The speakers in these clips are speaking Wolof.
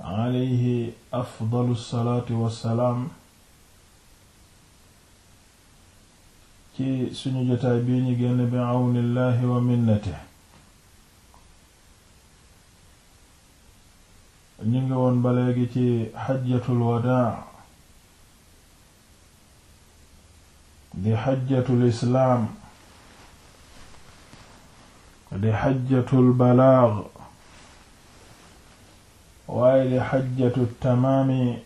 alayhi afdalu salaatu wassalaam ci suñu jotaay bii ñu génn bi awnillahi wa minnati ñu ngi woon ba léegi ci xajjatul wadaa di xajjatul islaam di xajjatul balaag waaye di xajjatu tamaami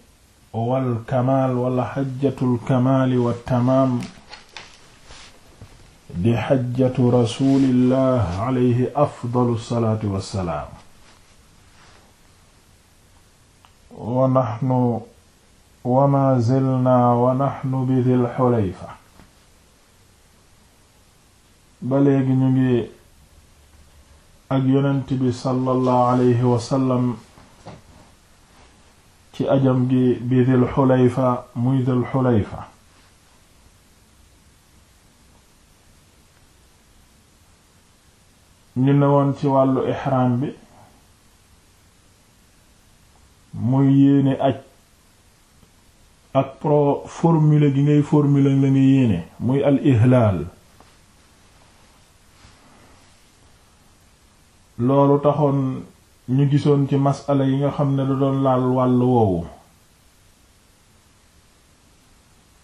wal kamaal wala xajjatul kamaali wa tamaam di xajjatu rasulillah alayhi afdalu salaatu wa salaam. wa naxnu bi dil xulayfa. ba léegi ñu ngi alayhi wa ci ajam gi bi Dhul Hulayfa muy Dhul Hulayfa ñu ne woon ci wàllu ihraam bi muy yéene aj ak pro formule gi ngay formule la nga yéene muy al loolu taxoon ñu gisoon ci masala yi nga xam ne da doon laal wàllu woowu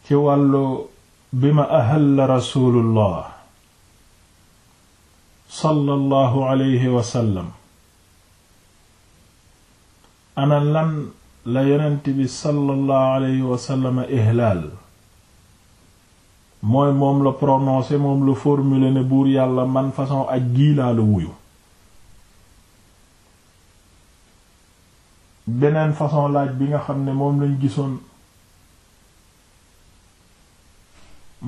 ci wàllu bi ma ahalla rasulullah sallallahu alayhi wasallam ana la yonent bi sallallahu alayhi wasallam mooy moom la prononcé moom la formulé ne buur yàlla man façon ak gii laa la wuyu beneen façon laaj bi nga xam ne moom lañ gisoon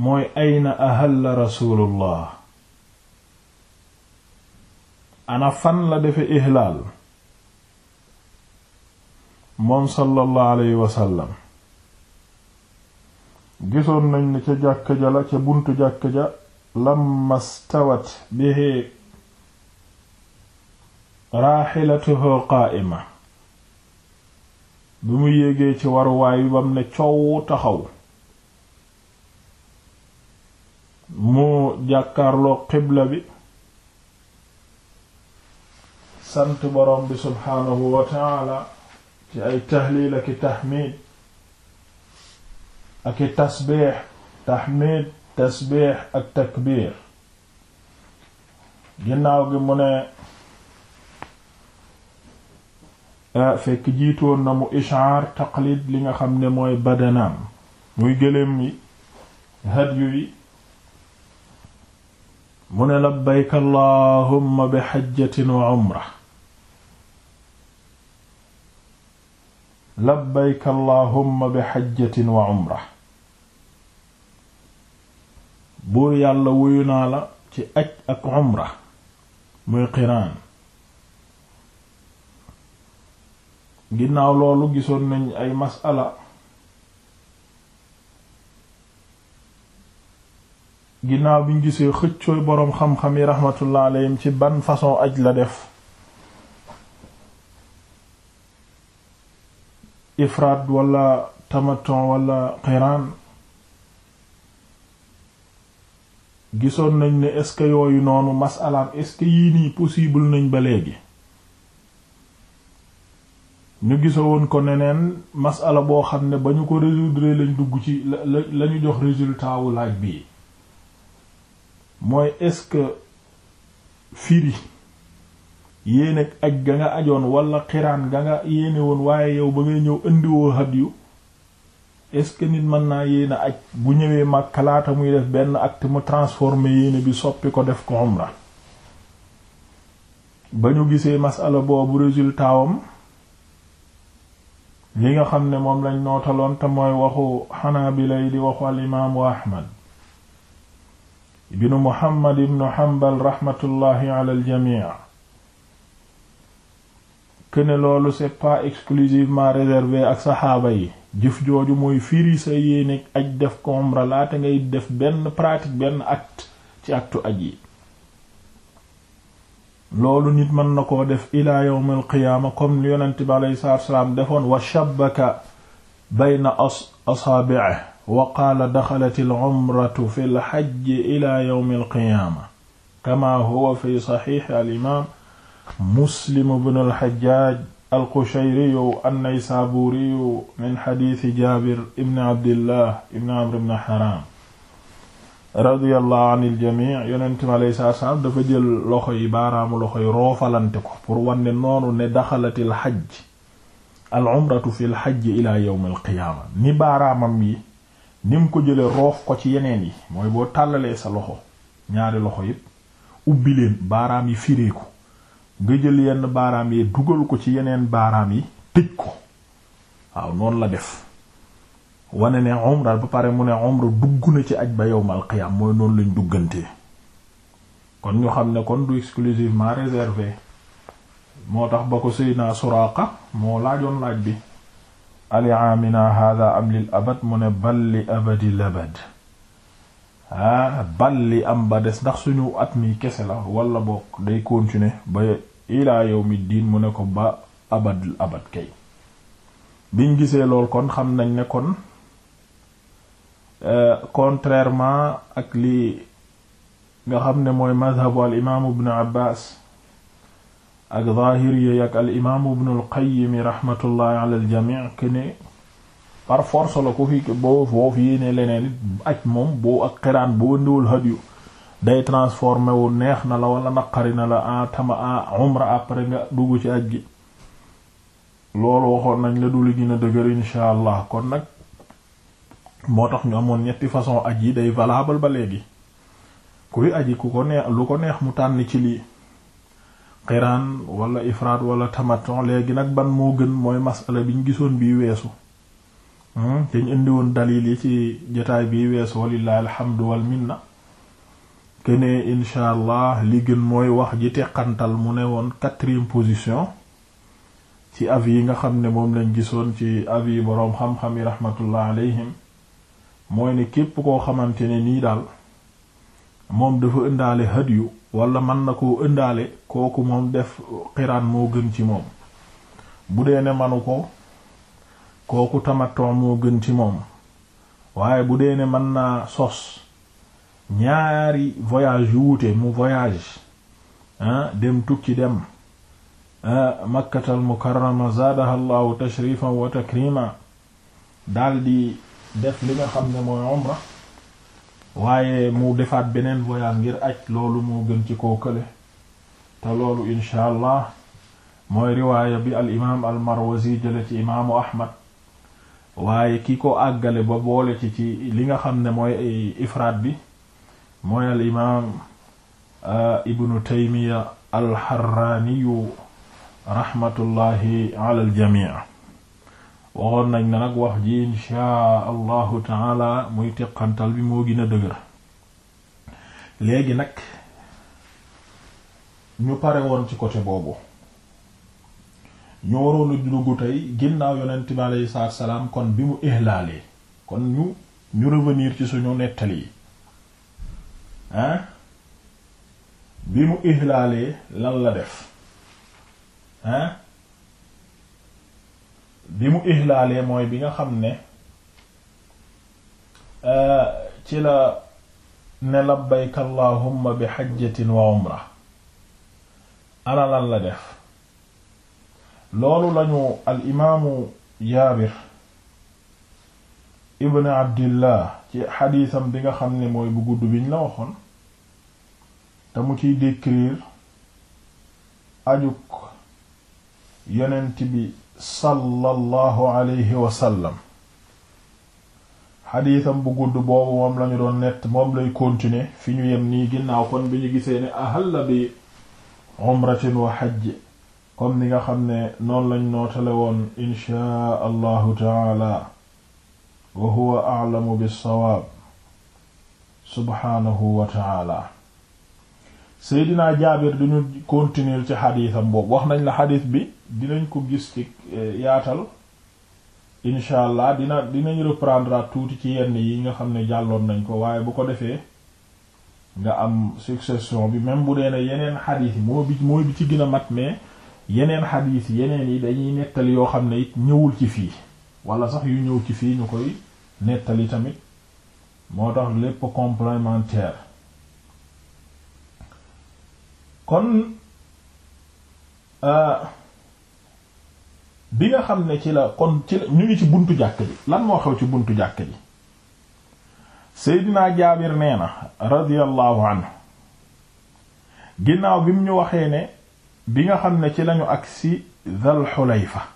mooy ayna ahalla rasulullah ana fan la defe ihlaal moom sallallahu alayhi wasallam gisoon nañ ne ca jàkka ja la ca buntu jàkka ja lamma stawat bihi raaxilatuhu qaa'ima bi mu yéegee ci waruwaay bi bam ne coow taxaw mu jàkkaarloo xibla bi sant borom bi subhaanahu wa taala ci ay tahlil aki tahmid aki tasbix tahmid tasbix ak takbir ginnaaw gi mu ne Ah, fekk jiitoon na mu li nga xam ne mooy badanaam muy gëléem yi hadyu yi mu ne labbayka allahumma bi xajjatin wa umra buur yàlla wuyu naa la ci aj ak umra muy qiraan ginaaw loolu gisoon nañ ay masala ginaaw biñ gisee xëccooy boroom xam-xam yi raxmatullah alayhim ci ban façon aj la def ifraat wala tamaton wala qiraan gisoon nañ ni est-ce que yooyu noonu masalaam est-ce nii possible nañ ba léegi ñu gisa woon ko neneen masala boo xam ne ba ñu ko résoudre dugg ci jox résultat wu laaj bi mooy est que firi yéene ak ga nga ajoon wala xiraan ga nga yéene woon waaye yow ba ngay ñëw indiwoo hadiyu est-ce que nit mën naa yéene aj bu ñëwee Makka laata muy def benn acte mu transformer yéene bi soppi ko def ko umra ba ñu gisee masala boobu résultat li nga xam ne moom lañ nootaloon te mooy waxu xanaabila yi di waxu al imaamu ahmad ibnu muhammad ibnu hanbal raxmatullahi ala aljamii këne loolu c'est pas exclusivement réservé ak saxaaba yi jëf jooju mooy firi sa yéene aj def ko umra laata ngay def benn pratique benn acte ci actu aj yi loolu nit mën na koo def ila yawm al qiyaama comme li yonent bi alayhi salaatu wassalaam defoon wa shabbaka bayna asaabi'ihi wa qaala daxalat al umratu fi al hajji ila yawm al qiyaama kama huwa fi saxiixi al imaam muslim ibn al hajjaaj al qushayriyu an naysaabuuriyu min xadiisi jaabir ibn abdillah ibn amr ibn haram radiyallahu anil jamii yonent mi alayhi salaatu salaam dafa jël loxo yi baaraamu loxo yi roofalante ko pour wanne noonu ne daxalatil xajj al umratu fil xajj ila yawmil qiyaama ni baaraamam yi ni mu ko jëlee roof ko ci yeneen yi mooy boo tàllalee sa loxo ñaari loxo yépp ubbi leen baaraam yi firee ko nga jël yenn baaraam yi dugal ko ci yeneen baaraam yi tëj ko waaw noonu la def wane ne umra ba pare mu ne dugg ci aj ba yowmal qiyam mooy noonu lañ kon ñu xam ne kon du exclusivement réservé moo tax ba ko Seydina moo laajoon laaj bi ali amina am lil abad mu ne balli abadi labad ah, am ba des ndax suñu at mi kese la wala bokk day continuer ba ilaa yawmi mu ne ko ba abad abad kay biñ gisee lool kon xam nañ ne kon Euh, contrairement ak li nga xam ne mooy madhabu al imaamu ibnu abbaas ak zahiriya ak al imaamu ibnu al qayyim rahmatullahi al jamii que ne par force la ko fi boo foofu yéene leneen it aj moom boo ak xiraan boo ndiwul hadiyu day transformé wu neex na la wala naqari na la a tama a umra après nga dugg ci aj gi loolu waxoon nañ la du li gën a dëgër allah kon nag moo tax ñu amoon ñetti façon aj yi day valable ba léegi kuy aji ku ko neex lu ko neex mu tànn ci lii xiraan wala ifraat wala tamaton léegi nag ban moo gën mooy masala biñ gisoon bii weesu te hmm? ñu indi woon dalil yi ci jotaay bii weesu walillahi alhamdu wal minna kene li gën mooy wax ji teqantal mu ne woon quatrième position ci avis nga xam ne moom lañ gisoon ci avis boroom xam-xam yi rahmatullah alayhim mooy ne képp koo xamante ne nii daal moom dafa ëndaale hadiyu walla man na koo ëndaale kooku moom def xiraan moo gën ci moom bu dee ne manu ko kooku tamaton moo gën ci moom waaye bu dee ne mën naa sos ñaari voyage yu wuute mu voyage ah dem tukki dem ah, makkatal mukarrama zaadaha allahu tashrifan wa takrima daldi def li nga xam ne mooy umra mu defaat beneen voyage ngir ak loolu moo gën ci koo kële te loolu incha allah mooy riwaaya bi al imaam al marwazi jële ci imaamu ahmad waaye ki ko àggale ba boole ci ci li nga xam ne mooy ifraat bi mooy al imaam uh, ibnu taymiya al harraaniyu rahmatullahi waxoon nañ na nag wax ji inshaa allahu taala muy teqantal bi moo gën a dëgër léegi nag ñu pare woon ci côté boobu ñu waroon dugg tey ginnaaw yonent bi aleyhi salaatu salaam kon bi mu ihlaalee kon ñu revenir ci suñu nettali yi ah bi mu ihlaalee lan la def ah bi mu ihlaalee mooy bi nga xam ne euh, ci la ne labbayka allahumma bi xajjatin wa umra ana la def loolu lañu al imaamu jaabir ibn abdillah ci xadiisam bi nga xam ne mooy bu gudd biñ la waxoon te mu ciy décrire ajuk yonent bi sallallahu alayhi wa sallam xadiisam bu gudd boobu moom lañu doon nett moom lay continuer fi ñu yem nii ginnaaw kon bi ñu gisee ne ahalla bi umratin wa xajj comme ni nga xam ne noonu lañ nootale woon inchaa allahu taala wa huwa a'lamu bis sawaab subhaanahu wa taala Seydina Jaabir duñu continuer ci xadiisam boobu wax nañ la xadiis bi dinañ ko gis ci eh, yaatal incha allah dina dinañ reprendre tuuti ci yenn yi nga xam ne jàlloon nañ ko waaye bu ko defee nga am succession bi même bu dee ne yeneen xadiis yi moo bi mooy bi ci gën a mat mais yeneen xadiis yi yeneen yi dañuy nettali yoo xam ne ñëwul ci fii wala sax yu ñëw ci fii ñu koy nettali tamit moo tax lépp complémentaire kon euh, bi nga xam ne ci la kon ci ñu ngi ci buntu jàkk ji lan moo xew ci buntu jàkk ji Seydina Jaabir nee na radiyallahu anhu ginnaaw bi mu ñu waxee ne bi nga xam ne ci lañu agsi Dhul Hulayfa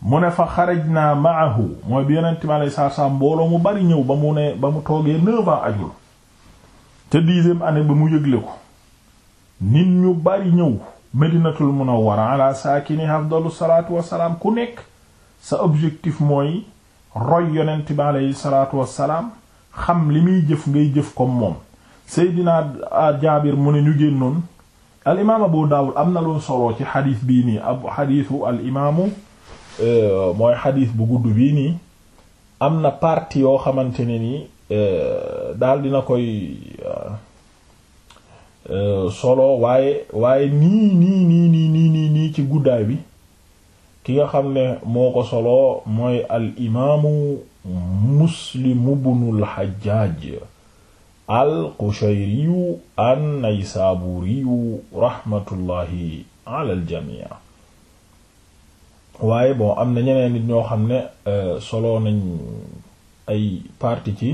mu ne fa xarajnaa ma'ahu mooy bi yonent mi alayhi salaatu salaam mbooloo mu bari ñëw ba mu ne ba mu toogee neuf ajul te dixième année ba mu yëgle ko nit ñu bari ñëw medinatul munawwara ala saakini afdalu salaatu wassalaam ku nekk sa objectif mooy roy yonent bi aleyhi salaatu wassalaam xam li muy jëf ngay jëf comme moom seydina jaabir mu ne ñu génnoon al imaam abu daawud am na lu solo ci xadiis bii nii abu xadiisu al e, mooy xadiis bu gudd bii nii am na partie yoo xamante ne nii e, daal dina koy e, Euh, solo waaye waaye nii nii nii nii nii ci guddaay bi ki nga xam ne moo ko solo mooy al imaamu muslimu bunul xajjaaj al qushayriyu an naysaburiyu rahmatullahi ala al jamii waaye bon am na ñeneen ñoo xam ne euh, solo nañ ay parti ci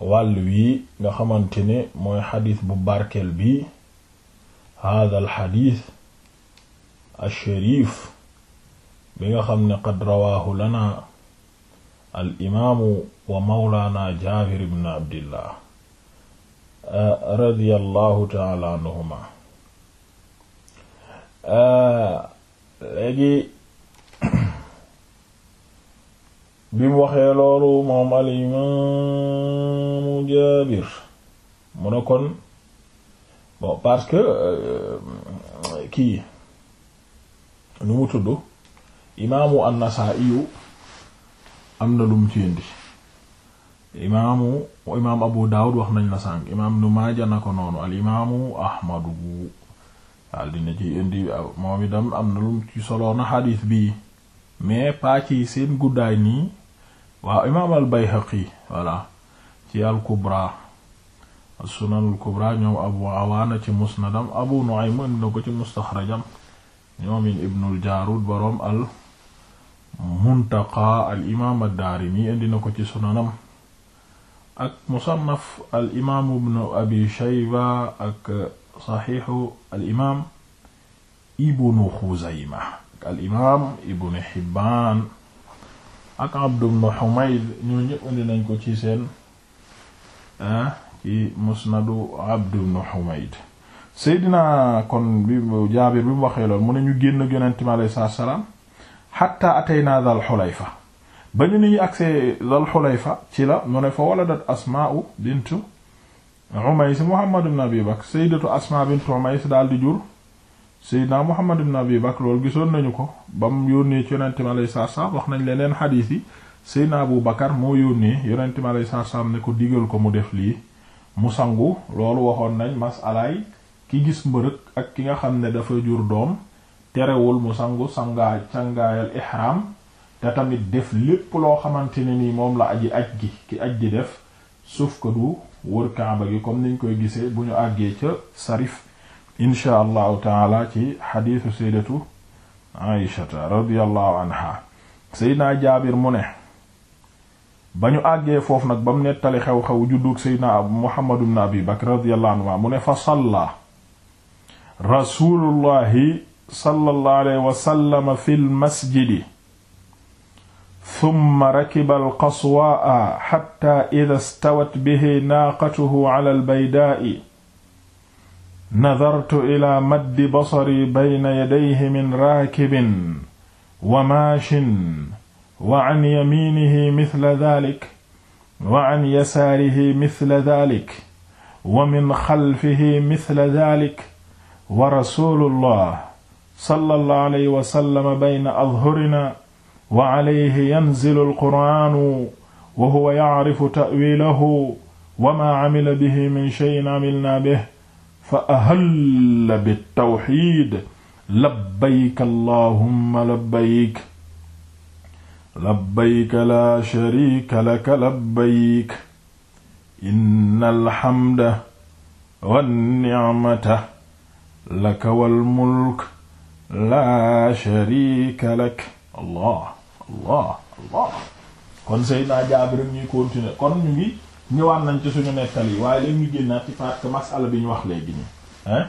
wàll wi nga xamante mooy xadis bu barkeel bi hada al xadis alsharif bi nga xam qad rawaahu lana al imaamu wa mawlaana jaabir ibn abdillah radiyallahu taala anhuma bi mu waxee loolu moom al imaamu jaabir mu ne kon bon parce que euh, kii lu mu tudd imaamu an-Nasaa'i am na lu mu ci indi imaamu imaam Abu Daawud wax nañ la sànq imaam nu maaja na ko noonu al imaamu Ahmadu daal dina ci indi moom itam am na lu ci soloon na bii mais pas ci seen guddaay nii waaw imaam al Bayhaqi voilà ci al Kubra as-Sunan al Kubra Abu Awaana ci musnadam Abu Nu'aym indi na ko ci mustaxrajam ñoom in Ibnul Jaarud boroom al Muntaqa al imaam ad-Daarimi indi na ko ci sunanam ak musannaf al imaam ibnu Abi Shayba ak saxiixu al imaam Ibnu Xuzayma al imaam Ibnu Hibbaan ak Abd ibn Humayd ñoo ñëpp indi nañ ko ci seen ah, ci musnadu Abd ibn Humayd Seydina kon bi Jaabir bi mu waxee lool mu ne ñu génn ak Yonent mi alayhi salaatu salaam hatta ataynaa Dhal Hulayfa ba ñu ni ñu agsee Dhal Hulayfa ci la mu ne fa waladat Asmaa'u bintu Umays Muhammad ibn Abi Bakr Sayyidatu Asmaa bintu Umays daal di jur Seydina Muhammad ibn Abi Bakr loolu gisoon nañu ko ba mu yónnee ci yonente mi alayhi salaatu wax nañ leneen xadiis yi Seydina Abu moo yónnee yonente mi alayhi salaatu ne ko digal ko mu def lii mu sangu loolu waxoon nañ masalaay ki gis mbërëg ak ki nga xam ne dafa jur doom terewul mu sangu sangaay sangaayal ihram te tamit def lépp loo xamante ne ni moom la aji aj gi ki aj gi def suuf ko du wër kaaba gi comme niñ koy gisee bu ñu àggee ca sarif insha allahu taala ci xadiisu saydatu aishata radiallahu anha seydna jaabir mu ne ba ñu àggee foofu nag ba mu nettali xew-xew juddug seydna muhammadu bne abi bakr radiallahu anhu mu ne fa salla rasulullahi sallallahu alayhi wasallam fi lmasjidi summa rakiba alqaswaa xatta ida stawat bihi naaqatuhu ala albaydaa'i nadartu ila maddi basari bayna yadayhi min raakibin wa maashin wa an yamiinihi mithla daalik wa an yasaarihi mithla daalik wa min xalfihi mithla daalik wa rasuulullah sallallahu alayhi wa sallam bayna adhurinaa wa alayhi yanzilu alqur'aanu wa huwa ya'rifu ta'wiilahu wa maa amila bihi min shay'in amilnaa bihi fa ahalla bitawxid labbayk allahumma labbayk labbayk laa sharika laka labbayk inna alhamda wannicmata laka walmulk laa sharika lak allah allah allah kon Seydina Jaabir ñuy continuer kon ñu ngi ñëwaat nañ ci suñu yi waaye leen ñu génnaat ci parce que masala bi ñu wax léegi nii hein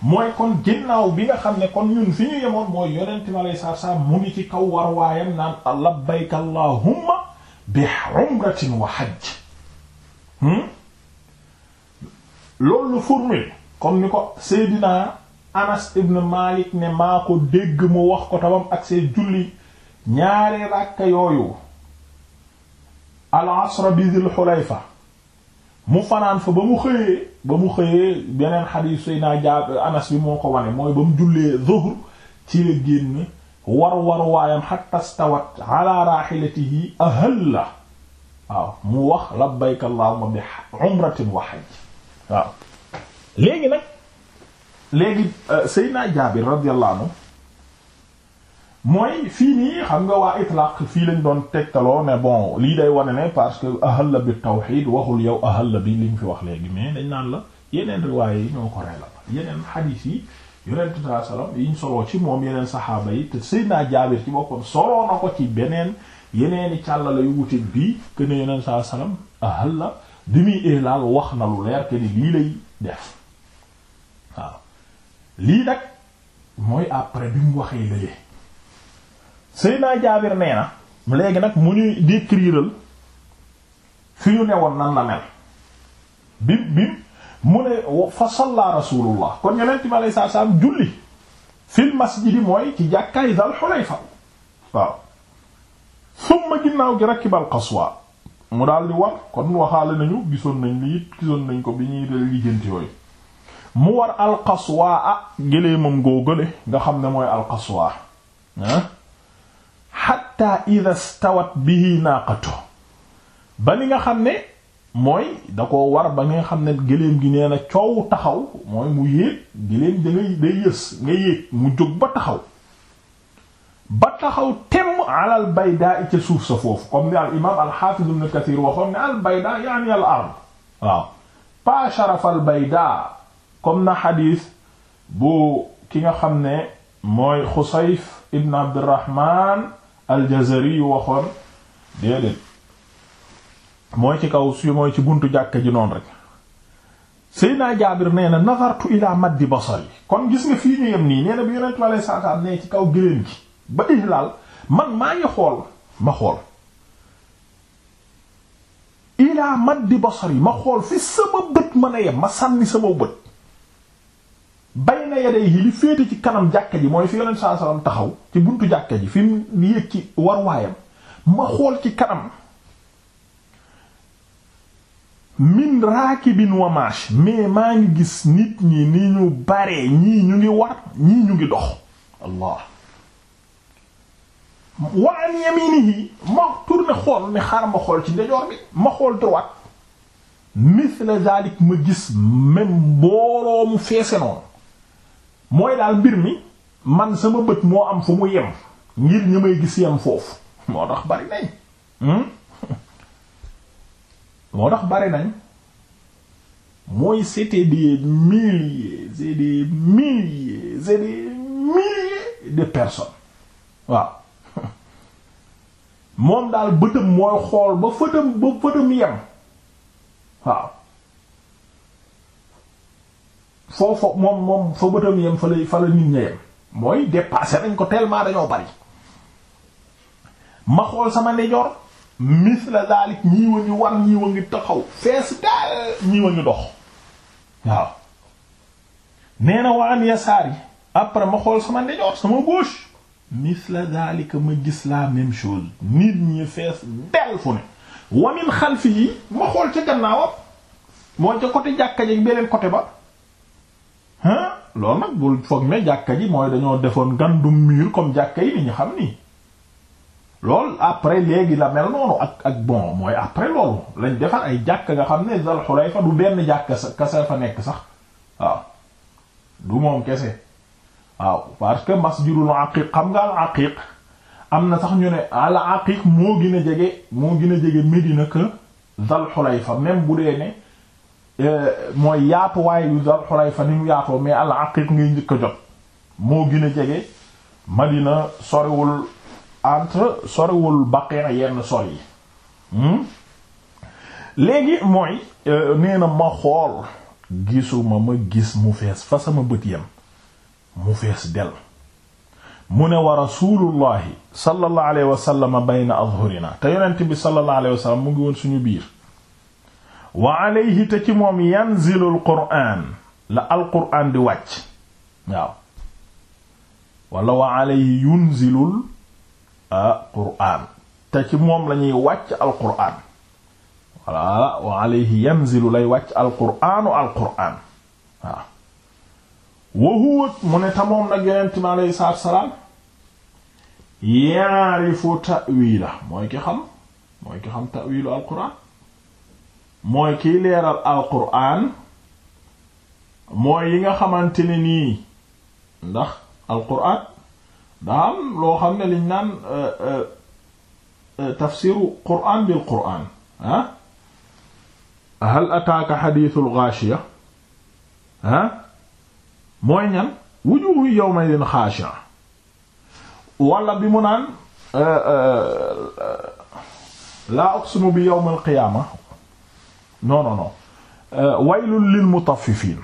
mooy kon ginnaaw bi nga xam ne kon ñun fi ñu yemoon mooy yonent ma lay saar saar mu ngi ci kaw war waayam naan labbayka allahumma bi umratin wa hajj hmm? loolu formule comme ni ko Seydina Anas ibn Malik ne maa ko dégg mu wax ko tamam ak see julli ñaari ràkka yooyu al asra bi dil xulayfa mu fanaan fa ba mu xëyee ba mu xëyee beneen xadiis Seydina Jaabir Anas bi moo ko wane mooy ba mu jullee zuhr ci la génn war war waayam xatta stawat ala raxilatihi ahal la waaw mu wax labbayka allahumma bi umratin wa hajj waaw léegi nag léegi euh, Seydina Jaabir radiyallahu anhu mooy fii nii xam nga waa itlaq fii lañ doon tegtaloo ne bon lii day wane ne parce que ahal la bi tawxid waxul yow ahal la bi liñ fi wax léegi mais dañ naan la yeneen riwaay yi ñoo ko reela yeneen xadiis yi yonent saa salaam yiñ soloo ci moom yeneen saxaaba yi te Seydina Jaabir ci boppam soloo na ko ci beneen yeneeni càllala yu wuteeg bii que ne yonent saa salaam ahal la bi muy ihlaal wax na lu leer que ni lii lay def waaw lii nag mooy après bi mu waxee Seydina Jaabir nee na léegi nag mu ñuy décriral fi ñu newoon nan la mel bi bi mu ne fa salla rasulullah kon yonent bi alayhi salaatu salaam julli fil masjidi mooy ci jàkkaay Dal Xulayfa waaw summa ginnaaw gi rakibal qaswa mu daal di war kon waxaale nañu gisoon nañ li it gisoon nañ ko bi ñuy dal lijjanti yooyu mu war alqaswa ah gëlee moom goo nga xam ne mooy alqaswa ah. xatta ida stawat bihi naaqatu ba ni nga xam ne mooy da ko war ba nga xam ne gëléem gi nee na coow taxaw mooy mu yéeg gëléem da ngay day nga yéeg mu jóg ba taxaw ba taxaw temm alal baydaa ca suuf sa foofu comme ni al imam alxafiz ibn kathir nga xam ne mooy xusayf ibn abdirahman aljazari yu waxoon déedéet mooy ci kaw si mooy ci buntu jàkk ji noonu rek naa Jaabir nee na nazartu ila maddi basari kon gis nga fii ñu yem nii nee na bi yonent bi alayhi salaam ne ci kaw gëléen gi ba ihlaal man maa ngi xool ma xool ila maddi basari ma xool fi sama bët mën a yem ma sànni sama bët bayna yadayhi li féete ci kanam jàkka ji mooy fi yonent saa salaam taxaw ci buntu jàkka ji fi mu yéeg ci warwaayam ma xool ci kanam min raakibin wa marche mais maa ngi gis nit ñi ni ñu baree ñii ñu ngi war ñii ñu ngi dox allah wa an yaminihi ma tourné xool ne xaar ma xool ci ndejoor bi ma xool droite misle zalik ma gis même mbooloo mu feese noonu mooy daal mbir mi man sama bët moo am fu mu yem ngir ñu may gis yem foofu moo tax bari nañ hmm? moo tax bari nañ mooy c'était des milliers et des milliers et milliers de personnes waaw moom daal bëtëm mooy xool ba fëtëm ba fëtëm yem waaw foofu moom moom fa bëtam yem fa la fa la nit ña yem mooy dépassé nañ ko tellement dañoo bari ma xool sama ndeyjoor misla daalik ñiiwa ngi war ñiiwa ngi taxaw fees daal ñiiwa ngi dox waaw nee na waan yasaar yi après ma xool sama ndeyjoor sama gauche la daalika ma gis la même chose nit ñi fees del fu ne wamin xalfi yi ma xool ca gannaawam moo ca côté jàkka jeg beneen côté ba lool nag bul foog ne jàkka ji mooy dañoo defoon ngandum mur comme jàkka yi ni ñu xam nii loolu après léegi la mel noonu ak ak bon mooy après loolu lañ defar ay jàkk nga xam ne Zal Xulayfa du benn jàkk sa kese fa nekk sax waaw du moom kese waaw parce que masjidul aqiq xam nga al aqiq am na sax ñu ne al aqiq moo gën a jege moo gën a jege Medina que Zal Xulayfa même bu dee ne. Euh, mooy yaatuwaay yu Dul Xulayfa ni mu yaatoo mais al Aqiiq ngay njëkk a jot moo gën a jege Madina soriwul entre soriwul Baqi' yenn sor yi hmm? léegi mooy euh, nee na ma xool gisuma ma gis mu fees fa sama bët yam mu fees del mu ne wa rasulullahi sallallahu alayhi wa sallam bayna azhurina te yonent bi sallallahu alayhi wa sallam mu ngi woon suñu biir wa alayhi te ci moom yanzilul qur'aan la alqur'aan di wàcc waaw wala wa alayhi yunzilul qur'aan te ci moom lañuy wàcc alqur'aan wala wa alayhi yanzilu lay wàcc alqur'aanu alqur'aan waaw wa huwa mu ne tamoom nag yonent mi alayhi salaatu salaam yaarifu ta'wiila mooy ki xam mooy ki xam mooy kiy leeral alquran mooy yi nga xamante ne nii ndax alquran daa am loo xam ne liñ naan euh, euh, euh, tafsiru quran bil quran ah hal ataaka xadiitul gaashiya ah mooy ñan wujuhu yawmaydin xaashi'a wala bi mu naan la uqsimu bi yawmil qiyaama non non non euh, waylul lil mutaffifiin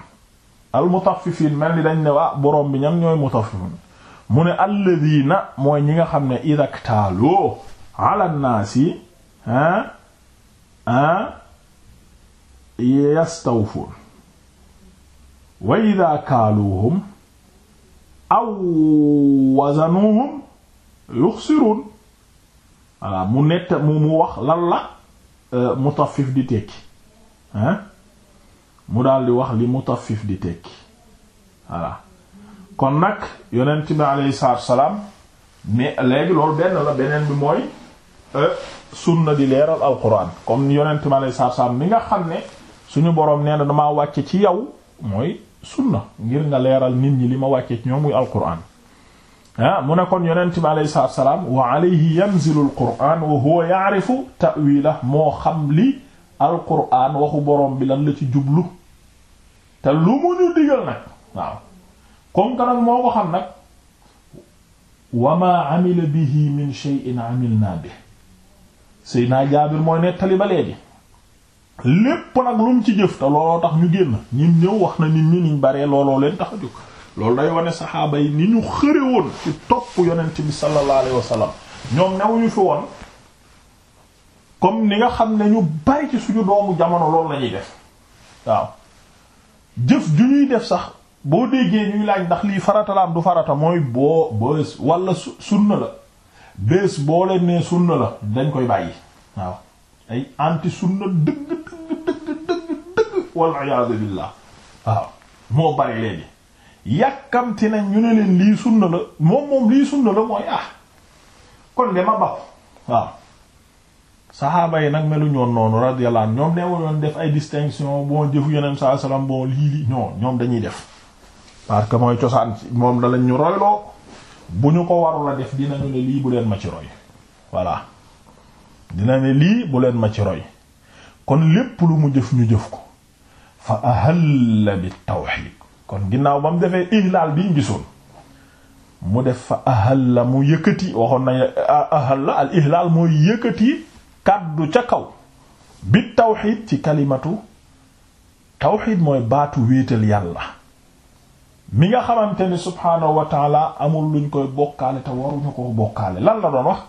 al mutaffifiin mel ni dañ ne waa borom bi ñan ñooy mutaffifiin mu ne alladina mooy ñi nga xam ne idaktaaloo ala naasi ah ah yastawfuun wa ida kaaluuhum aw wazanuuhum yuxsiruun voilà mu nett mu mu wax lan la euh, mutaffif di tekki hein mu dal di wax li mutaffif di tekki voilà kon nag yonent bi sa salaatu salaam mais léegi loolu benn la beneen bi mooy euh, sunna di leeral alquran comme yonent bi alayhi salaatu salaam mi nga xam ne suñu boroom nee na damaa wàcce ci yow mooy sunna ngir nga leeral nit ñi li ma wàcce ci ñoom muy alquran ah mu ne kon yonent bi alayhi salaatu salaam wa alayhi yanzilu alquran wa huwa ya'rifu ta'wilahu moo xam li alquran waxu borom bi lan la ci jublu te lu mu ñu digal nag waaw comme moo ko xam nag waa ma amila bihi min shay'in amilna bi Seydina Jaabir mooy nettali ba léegi lépp nag lu mu ci jëf te looloo tax ñu génn ñun ñëw wax na nit ñi niñ baree looloo leen tax a jóg loolu day wane saxaaba yi ni ñu xëre woon ci topp yonent bi sallallahu alayhi wa sallam ñoom fi woon comme li nga xam ne ñu bari ci suñu doomu jamono loolu la def waaw jëf ju ñuy def sax boo déggee ñuy laaj ndax lii farata du farata mooy boo bés wala sunna la bés boo leen nee sunna la dañ koy bàyyi waaw ay anti sunna dëgg dëgg dëgg dëgg dëgg wal iyaadu billah waaw moo bari léegi yàkkamti nañ ñu ne leen lii sunna la moom moom lii sunna la mooy ah kon dama ba waaw saxaaba yi nag meluñu noonu radiyallahu anhu ñoom neewul woon def ay distinction boo jëfu yeneen saa salaam bon lii lii ñoom dañuy def parce que mooy cosaan moom da ñu royloo bu ñu ko waru def dinañu ne lii bu leen ma ci roy voilà dina ne lii bu leen ma ci roy kon lépp lu mu jëf ñu jëf ko fa ahalla bi tawxid kon ginnaaw ba mu defee ihlaal bi ñu gisoon mu def fa ahalla mu yëkkati waxoon nañ ahalla al ihlaal mooy yëkkati kaddu ca kaw bi tawxid ci kalimatu tawxid mooy baatu wéetal yàlla mi nga xamante ni subhaanahu wa taala amul koy bokkaale te waruñu ko bokkaale lan la doon wax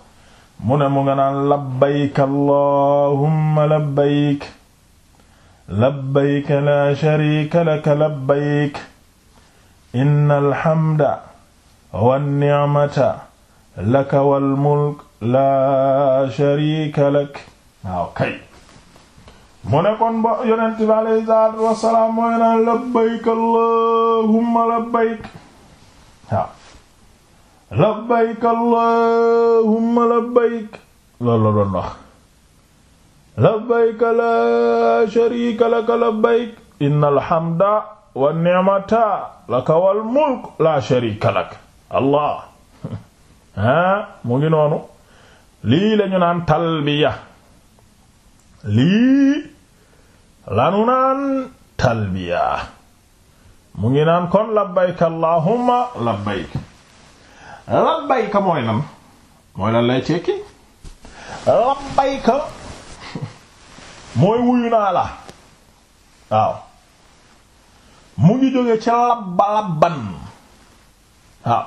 mu ne mu nga naan labbayk allahumma labbayk labbayk la sharika laka labbayk innal hamda wan ni'mata laka wal mulk laa sharika lak waaw kay mu ne kon ba yonent bi alayhi salaatu wassalaam mooy naan labbayk allahumma labbayk waaw labbayk allahumma labbayk loolu la doon wax labbayk laa sharika laka labbayk innal hamda wan ni'mata laka wal mulk laa sharika lak allah ha mu ngi noonu lii lañu naan talbiya lii lanu naan talbiya mu ngi naan kon labbayka allahumma labbayka labbayka mooy lan mooy lan lay tekki labbayka mooy wuyu naa la waaw mu ngi jóge ci labba labban waaw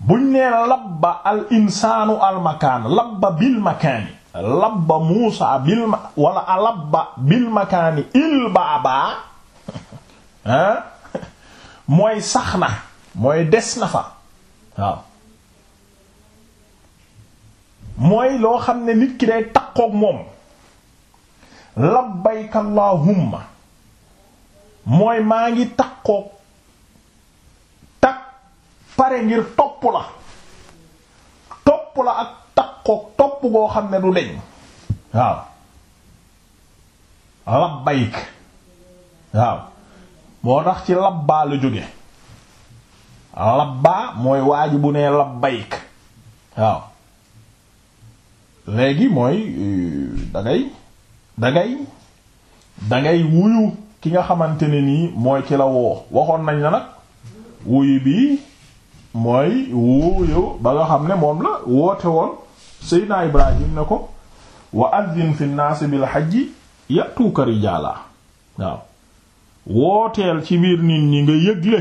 buñ nee labba al insaanu al makaan labba bil makaani labba muusa bil makaani il baabaa hein mooy sax na mooy des na fa waaw mooy loo xam ne nit ki day takkook moom labbayka allahumma mooy maa ngi takkook pare ngir topp la topp la ak takkook topp goo xam ne du deñ waaw labbayk waaw moo tax ci labbaa la jóge labbaa mooy waa ji bu nee labbayk waaw léegi mooy euh, dangay dangay dangay wuyu ki nga xamante ne nii mooy ci la woo waxoon nañ la nag wuyu bii mooy wuyu ba nga xam ne moom la woote woon seydina ibrahim ne ko wa azzin fi naasi bil hajji yatuuka rijaala waaw wooteel ci biir nit ñi nga yëgle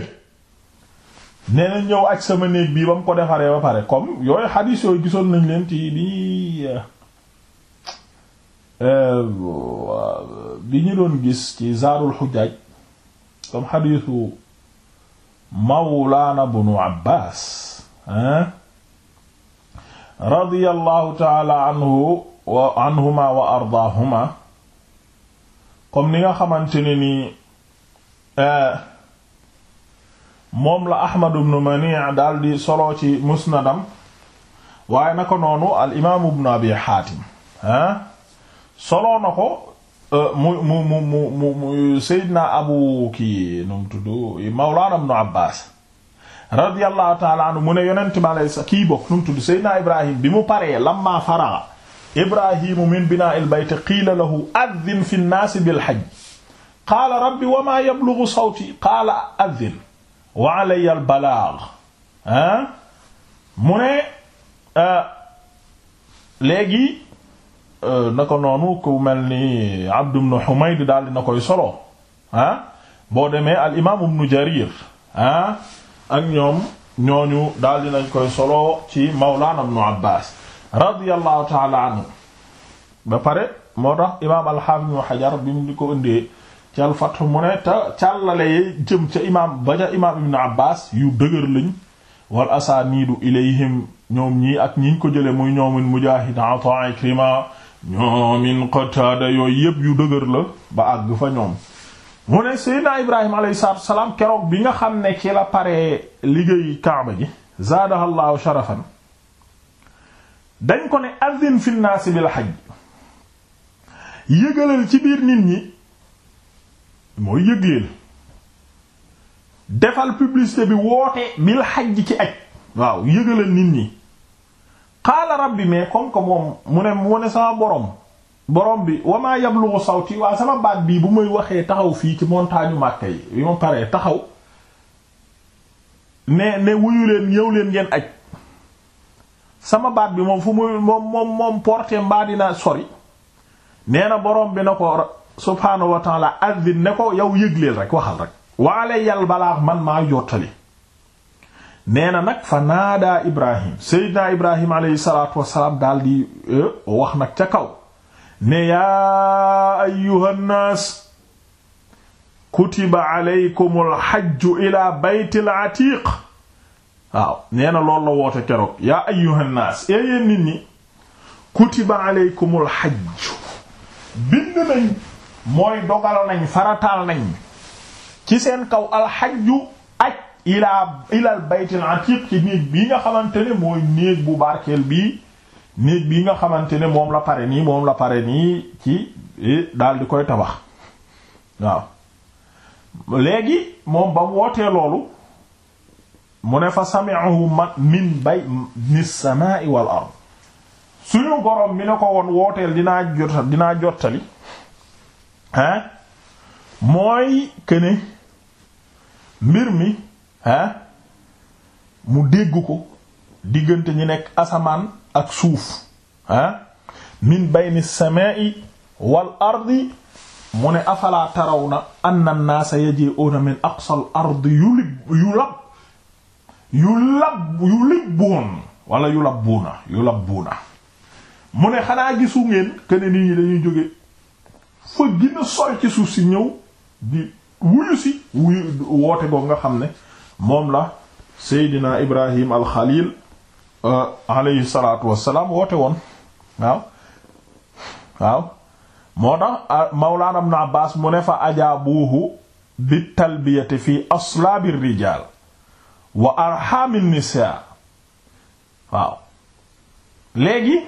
nee na ñëw ak sama néeg bii ba mu ko defaree ba pare comme yooyu xadiis yooyu gisoon nañ leen ci bi euh, bi ñu doon gis ci zaarul xujjaaj comme xadiisu mawlaana bnu abbaas ah, radiyallahu taala anhu wa anhuma wa ardaahuma comme ni nga xamante ne ni eh, moom la ahmad bnu manii daal di soloo ci musnadam waaye naka noonu al imaamu bnu abi xaatim ah soloo na ko Euh, mu mu mu mu mu Seydina Abu kii nu mu tudd Mawlaana Ibnu Abbaas radiyallahu taala anhu mu ne yonent ma lay sa kii bokk nu mu tudd Seydina Ibrahim bi mu paree lamma faraga Ibrahimu min binaa'il bayt qiila lahu addin fi nnaasi bil hajj qaala rabbi wa maa yablughu sawti qaala addin wa alayya al balaag ah mu ne euh, léegi. Euh, naka noonu ku mel ni Abd ibn Humayd daal na koy solo ah, boo demee al imaam ibn Jarir ah, ak ñoom ñooñu daal dinañ koy solo ci Mawlana ibn Abbas radiyallahu ta'ala anhu ba pare moo tax imaam al-Hafiz ibn bi mu di ca imaam ba ca imaam ibn Abbas yu dëgër lañ wal asaaniidu ilayhim ñoom ñii ak ñiñ ko jële muy ñoomin Mujaahid Ataa Ikrima ñoomin Qataada yooyu yëpp yu dëgër la ba àgg fa ñoom mu ne Seydina Ibrahima alayhi salaatu salaam keroog bi nga xam ne ci la paree liggéey Kaaba ji zaadahallaahu sharafan dañ ko ne azin fi naasi bil hajj yëgalal ci biir nit ñi mooy yëgleel defal publicité bi woote bil hajj ci aj waaw yëgalal nit ñi qaala rabbi mais comme que moom mu ne mu sama borom boroom bi wamaa yablughu sawti waa sama baat bii bu may waxee taxaw fii ci montagne Makka yi bi ma paree taxaw ne ne wuyu leen ñëw leen ngeen aj sama baat bi moom fu muy moom moom moom porté mbaa dina sori nee na borom bi ne ko subhaanahu wa ta'ala addin ne ko yow yëgleel rek waxal rek waale yal balaax man maa jottali nee na nag fa naadaa ibrahim seydinaa ibrahim aleyhi salaatu wasalaam daal di e, wax nag ca kaw ne yaa ayyuhannaas kutiba aleykumul hajju ila baytil atiq waaw nee na loolu la woote keroog yaa ayyuhannaas ee yéen nit ñi kutiba aleykumul hajju bind nañ mooy dogal nañ farataal nañ ci seen kaw alxajju ilaa ilal baytil atiq ci néeg bii nga xamante ne mooy néeg bu barkeel bii néeg bii nga xamante ne moom la pare nii moom la pare nii ci e, daal di koy tabax waaw léegi moom ba wootee loolu mu ne fa sami'ahu min bay min samaa'i wal ard suñu gorom mi ne ko woon wooteel dinaa jot dinaa jottali hein mooy këne mbir mi ah mu dégg ko diggante ñu nekk asamaan ak suuf ah min bayni samaa'i wal ardi mu ne afalaa tarawna anna an-naasa yaji'una min aqsal ardi yulib yulab yulab yulibbuun wala yulabbuuna yulabbuuna mu ne xanaa gisu ngeen kene dañuy jóge fa gën sol ci suuf si ñëw di wuyu si wuyu woote boobu nga xam ne moom la seydina ibrahim alxalil euh, alayhi salaatu wassalaam woote woon waaw waaw moo tax mawlaana ibn mu ne fa ajaabuuhu bi talbiyati fi aslaabi rijaal wa arhaami nisaa waaw léegi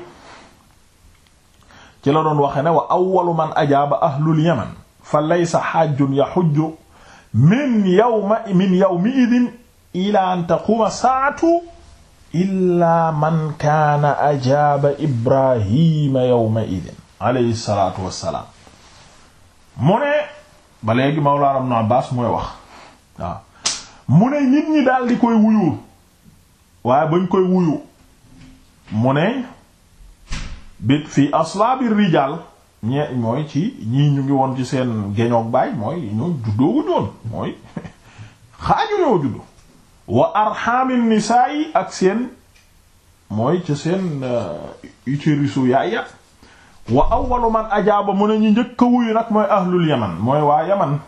ci la doon waxe ne wa awwalu man ajaaba ahlul yaman fa laysa xaajun yaxujju min yawma min yawmi idin ila an taquma saatu illa man kaana ajaaba ibrahima yawma idin alayhi salaatu wassalaam mu ne ba léegi mawlaana ibn Abbaas mooy wax waaw mu ne nit ñi daal di koy wuyu waaye bañ koy wuyu mu ne bit fi aslaabi rijaal ñee mooy ci ñii ñu ngi woon ci seen geñoog baay mooy ñoo juddooguñu woon mooy xaaju ñoo juddu wa arxamin nisaa yi ak seen mooy ci seen uh, utérusu yaaya wa awwalu man ajaaba mu ne ñu njëkk a wuyu nag mooy ahlul yaman mooy waa yaman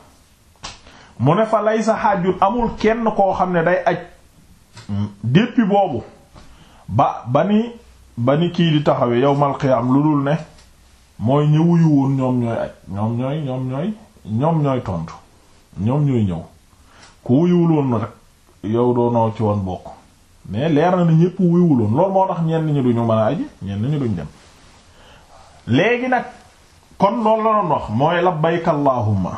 mu ne fa lay sa xaajul amul kenn koo xam ne day aj déppi boobu ba ba ni ba ni kii di taxawee yawmal qiyaam lu dul ne mooy ñi wuyu woon ñoom ñooy aj ñoom ñooy ñoom ñooy tontu ñoom ñooy ñëw ku wuyuwul woon na yow doonoo ci woon bokk mais leer na ne ñépp wuyuwul woon loolu moo tax ñenn ñi duñu mën a aji ñenn ñi duñ dem léegi nag kon loolu la doon wax mooy labbayka allahumma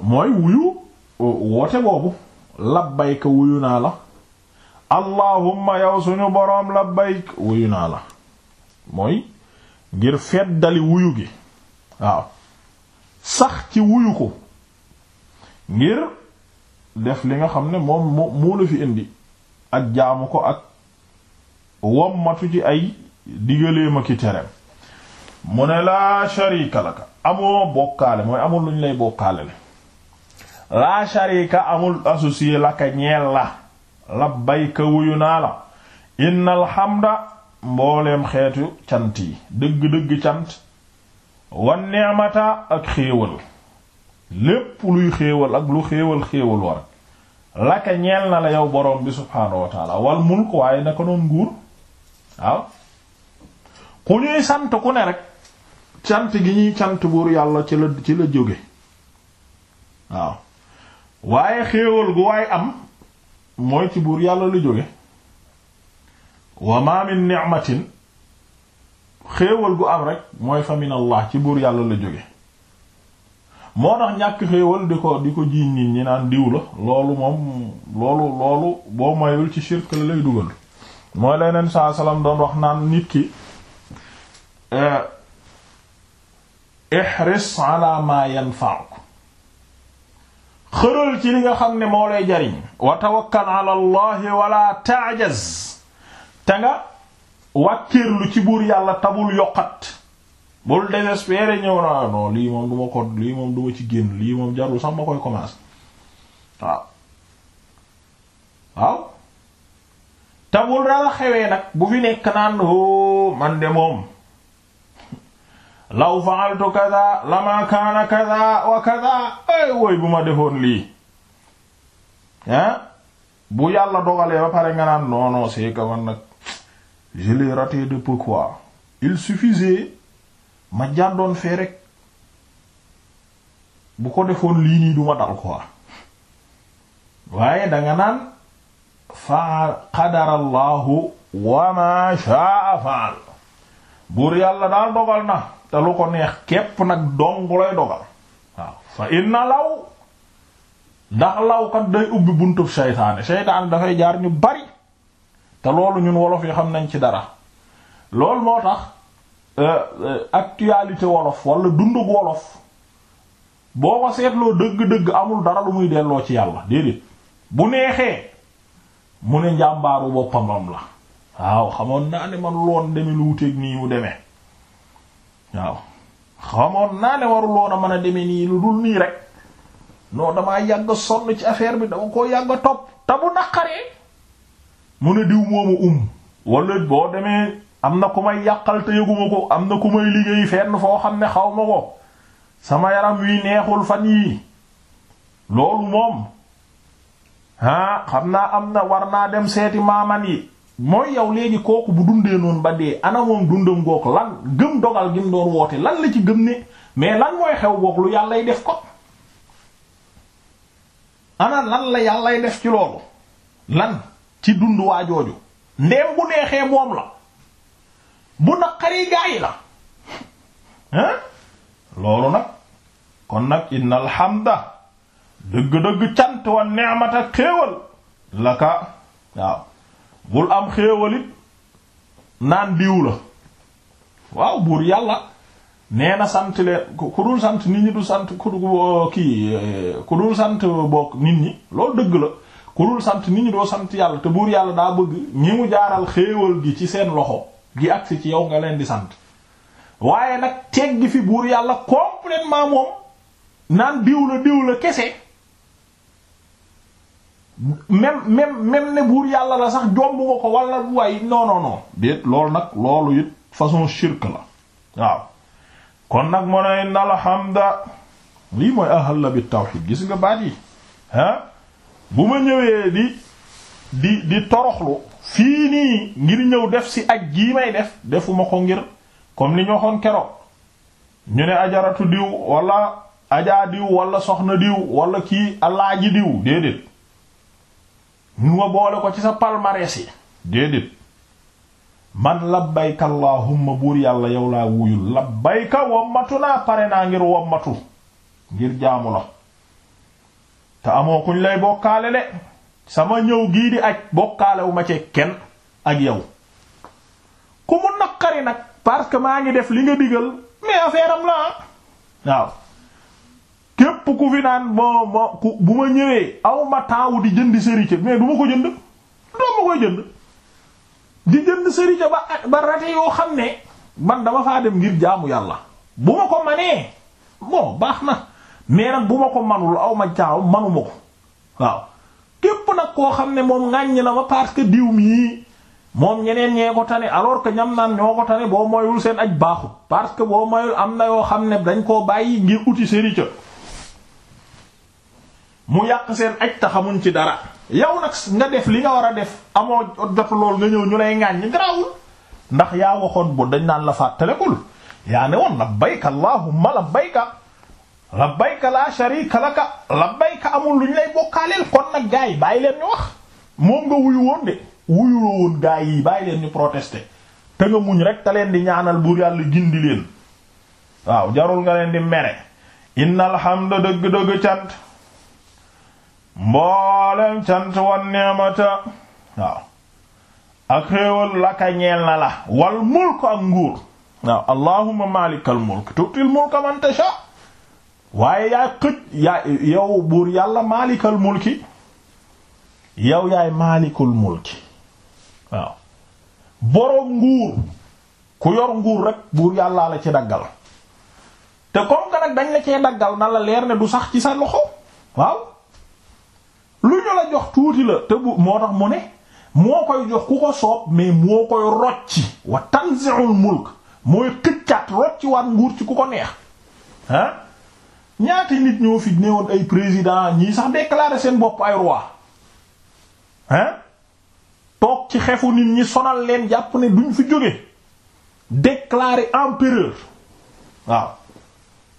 mooy wuyu woote boobu labbayka wuyu naa la allahumma yow suñu boroom labbayk wuyu naa la mooy ngir feddali wuyu gi waaw sax ci wuyu ko ngir def li nga xam ne moom moo la fi indi ak jaamu ko ak wommatu ci ay digaleema ki tereem mu ne laa sharika laka amoo bokkaale mooy amul lu ñu lay bokkaale le laa sharika amul associé laka ñeel la labbayka wuyu naa la innal hamda mbooleem xeetu cant yi dëgg-dëgg cant wan ni'mata ak xéewal lépp luy xéewal ak lu xéewal xéewal war laka ñeel na la yow borom bi subhaanahu wa taala wal mulk waaye naka noon nguur waaw ku ñuy sant ku ne rek cant gi ñuy cant buur yàlla ci la ci la jóge waaw waaye xéewal gu waaye am mooy ci buur yàlla la jóge wa ma min ni'matin xéewal am rek mooy fa min allah ci buur yàlla la jóge moo tax ñàkk xéewal di ko di ko jiiñ nit ñi naan diw la loolu moom loolu loolu boo moyul ci shirk la lay dugal mooy leneen saa salaam doon wax naan nit ki eh, ihris ma yanfa'uk xëral ci li nga xam ne moo lay jariñ wa tawakkal allah wala ta'jaz tanga nga wàkkiirlu ci buur yàlla tabul yokkat bul désespéré ñëw na non lii moom du ma lii moom du ci génn lii moom jarul sax ma koy commencer waaw waaw tabul dara xewee nag bu fi nekk naan o man de moom law fa'altu kaza lama kaana wa kaza ay woy bu ma defoon lii hein bu yàlla dogalee ba pare nga naan non non man nag je l'ai raté de peu il suffisait ma jàndoon fee rek bu ko defoon lii nii duma dal quoi waaye danga naan fa qadarallahu wa ma sha'a faal buur yàlla daal dogal na te lu ko neex képp nag dong lay dogal fa inna law ndax law kat day ubbi buntu seytaane seytaane dafay jaar ñu bari te loolu ñun wolof yi xam nañ ci dara loolu moo tax euh, euh, actualité wolof walla dundug wolof boo seetloo dëgg-dëgg amul dara lu muy delloo ci yàlla déedéet bu neexee mu ne njàmbaaru boppamam la waaw xamoon naa ne man loon deme lu wuteeg nii mu demee waaw xamoon naa ne waru a mën a deme nii lu dul nii rek non damaa yàgg sonn ci affaire bi dama koo yàgg a topp te bu naqaree mu ne diw moomu um wala boo demee am na ku may yàqal yëguma ko am na ku may liggéey fenn foo xam ne xaw ma ko sama yaram wi neexul fan yii loolu moom ah xam naa am na war naa dem seeti maaman yi mooy yow léegi kooku bu dundee noonu ba dee ana moom dundam goog lan gëm dogal gi doon woote lan la ci gëm ne mais lan mooy xew goog lu yàllay def ko ana lan la yàllay def ci loolu lan ci dund waa jooju ndeem bu neexee moom la bu naqari gaa la hein loolu nag kon nag inna alhamda dëgg-dëgg cant wa neexmata xéewal la ka am xéewalit naan diw la waaw buur yàlla nee na sant ku dul sant nit ñi du sant eh, ku dul sant bokk nit ñi loolu dëgg la ku sant ni ñi doo sant yàlla te buur yàlla daa bëgg ñi mu jaaral xéewal gi ci seen loxo gi agsi ci yow nga leen di sant waaye nag teggi fi buur yàlla complètement moom naan diw la diw la kese même même même ne buur yàlla la sax jomb nga ko wala waaye non déet loolu nag loolu it façon shirk la waaw kon nag mu ne alhamda lii mooy ahal la bi tawhid gis nga baat yi bu ma ñëwee di di di toroxlu fii nii ngir ñëw def si aj gii may def defuma ko ngir comme li ñu waxoon keroog ñu ne ajaratu diw walla ajaa diw wala soxna diw walla kii alaaji diw déedéet ñu nga boole ko ci sa palmarès yi déedéet man labbayka allahumma buur yàlla yow laa wuyul labbayka wommatuna pare naa ngir wommatu ngir jaamu la te amoo kuñ lay bokkaale de sama ñëw gii di aj bokkaale ma ci kenn ak yow ku mu naqari nag parce que maa ngi def li nga digal mais affaire am ah. waaw képp ku fi naan moo bu ma ñëwee aw ma taawu di jënd serite mais du ma ko jënd du ma koy jënd di jënd serite ba ba rate yoo xam ne man dama faa dem ngir jaamu yàlla bu ma ko manee bon baax na mais nag bu ma ko manul aw ma caaw manuma ko waaw képp nag koo xam ne moom ŋàññ na ma parce que diw mii moom ñeneen ñee ko tane alors que ñam naan ñoo ko tane boo moyul seen aj baaxut parce que boo moyul am na yoo xam ne dañ koo bàyyi ngir uti seri ca mu yàq seen aj ta ci dara yow nag nga def li nga war a def amoo jot loolu nga ñëw ñu lay ŋàññ garaawul ndax yaa waxoon bu dañ naan la fàttalekul yaa ne woon labbayka allahumma labbayka labbayka la sharika laka labbayka amul lu ñu lay bokkaaleel kon nag gars yi bàyyi leen ñu wax moom nga wuyu woon de wuyuloo woon gars yi bàyyi leen ñu protester te nga muñ rek te leen di ñaanal bu yàlla gindi leen waaw jarul nga leen di mere innal hamda dëgg-dëgg cant mboolem cant wan neemata waaw ak xéewal laka na la wal mulk ak nguur waaw allahumma malikal mulk tu'til mulka man tasha waaye yaay xëj yaa yow buur yàlla maalikal mulki yow yaay maalikul mulki waaw boroom nguur ku yor nguur rek buur yàllaa la ci daggal te comme que nag dañ la cee daggal na la leer ne du sax ci sa loxo waaw lu ñu la jox tuuti la te bu moo tax mu ne moo koy jox ku ko soob mais moo koy rocci wa tanzi'ul mulk mooy këccaat rocci waat nguur ci ku ko neex ñaati nit ñoo fi néewoon ay président ñii sax déclarer seen bopp ay roi hein toog ci xefu nit ñi sonal leen jàpp ne duñ fi jóge déclarer empereur waaw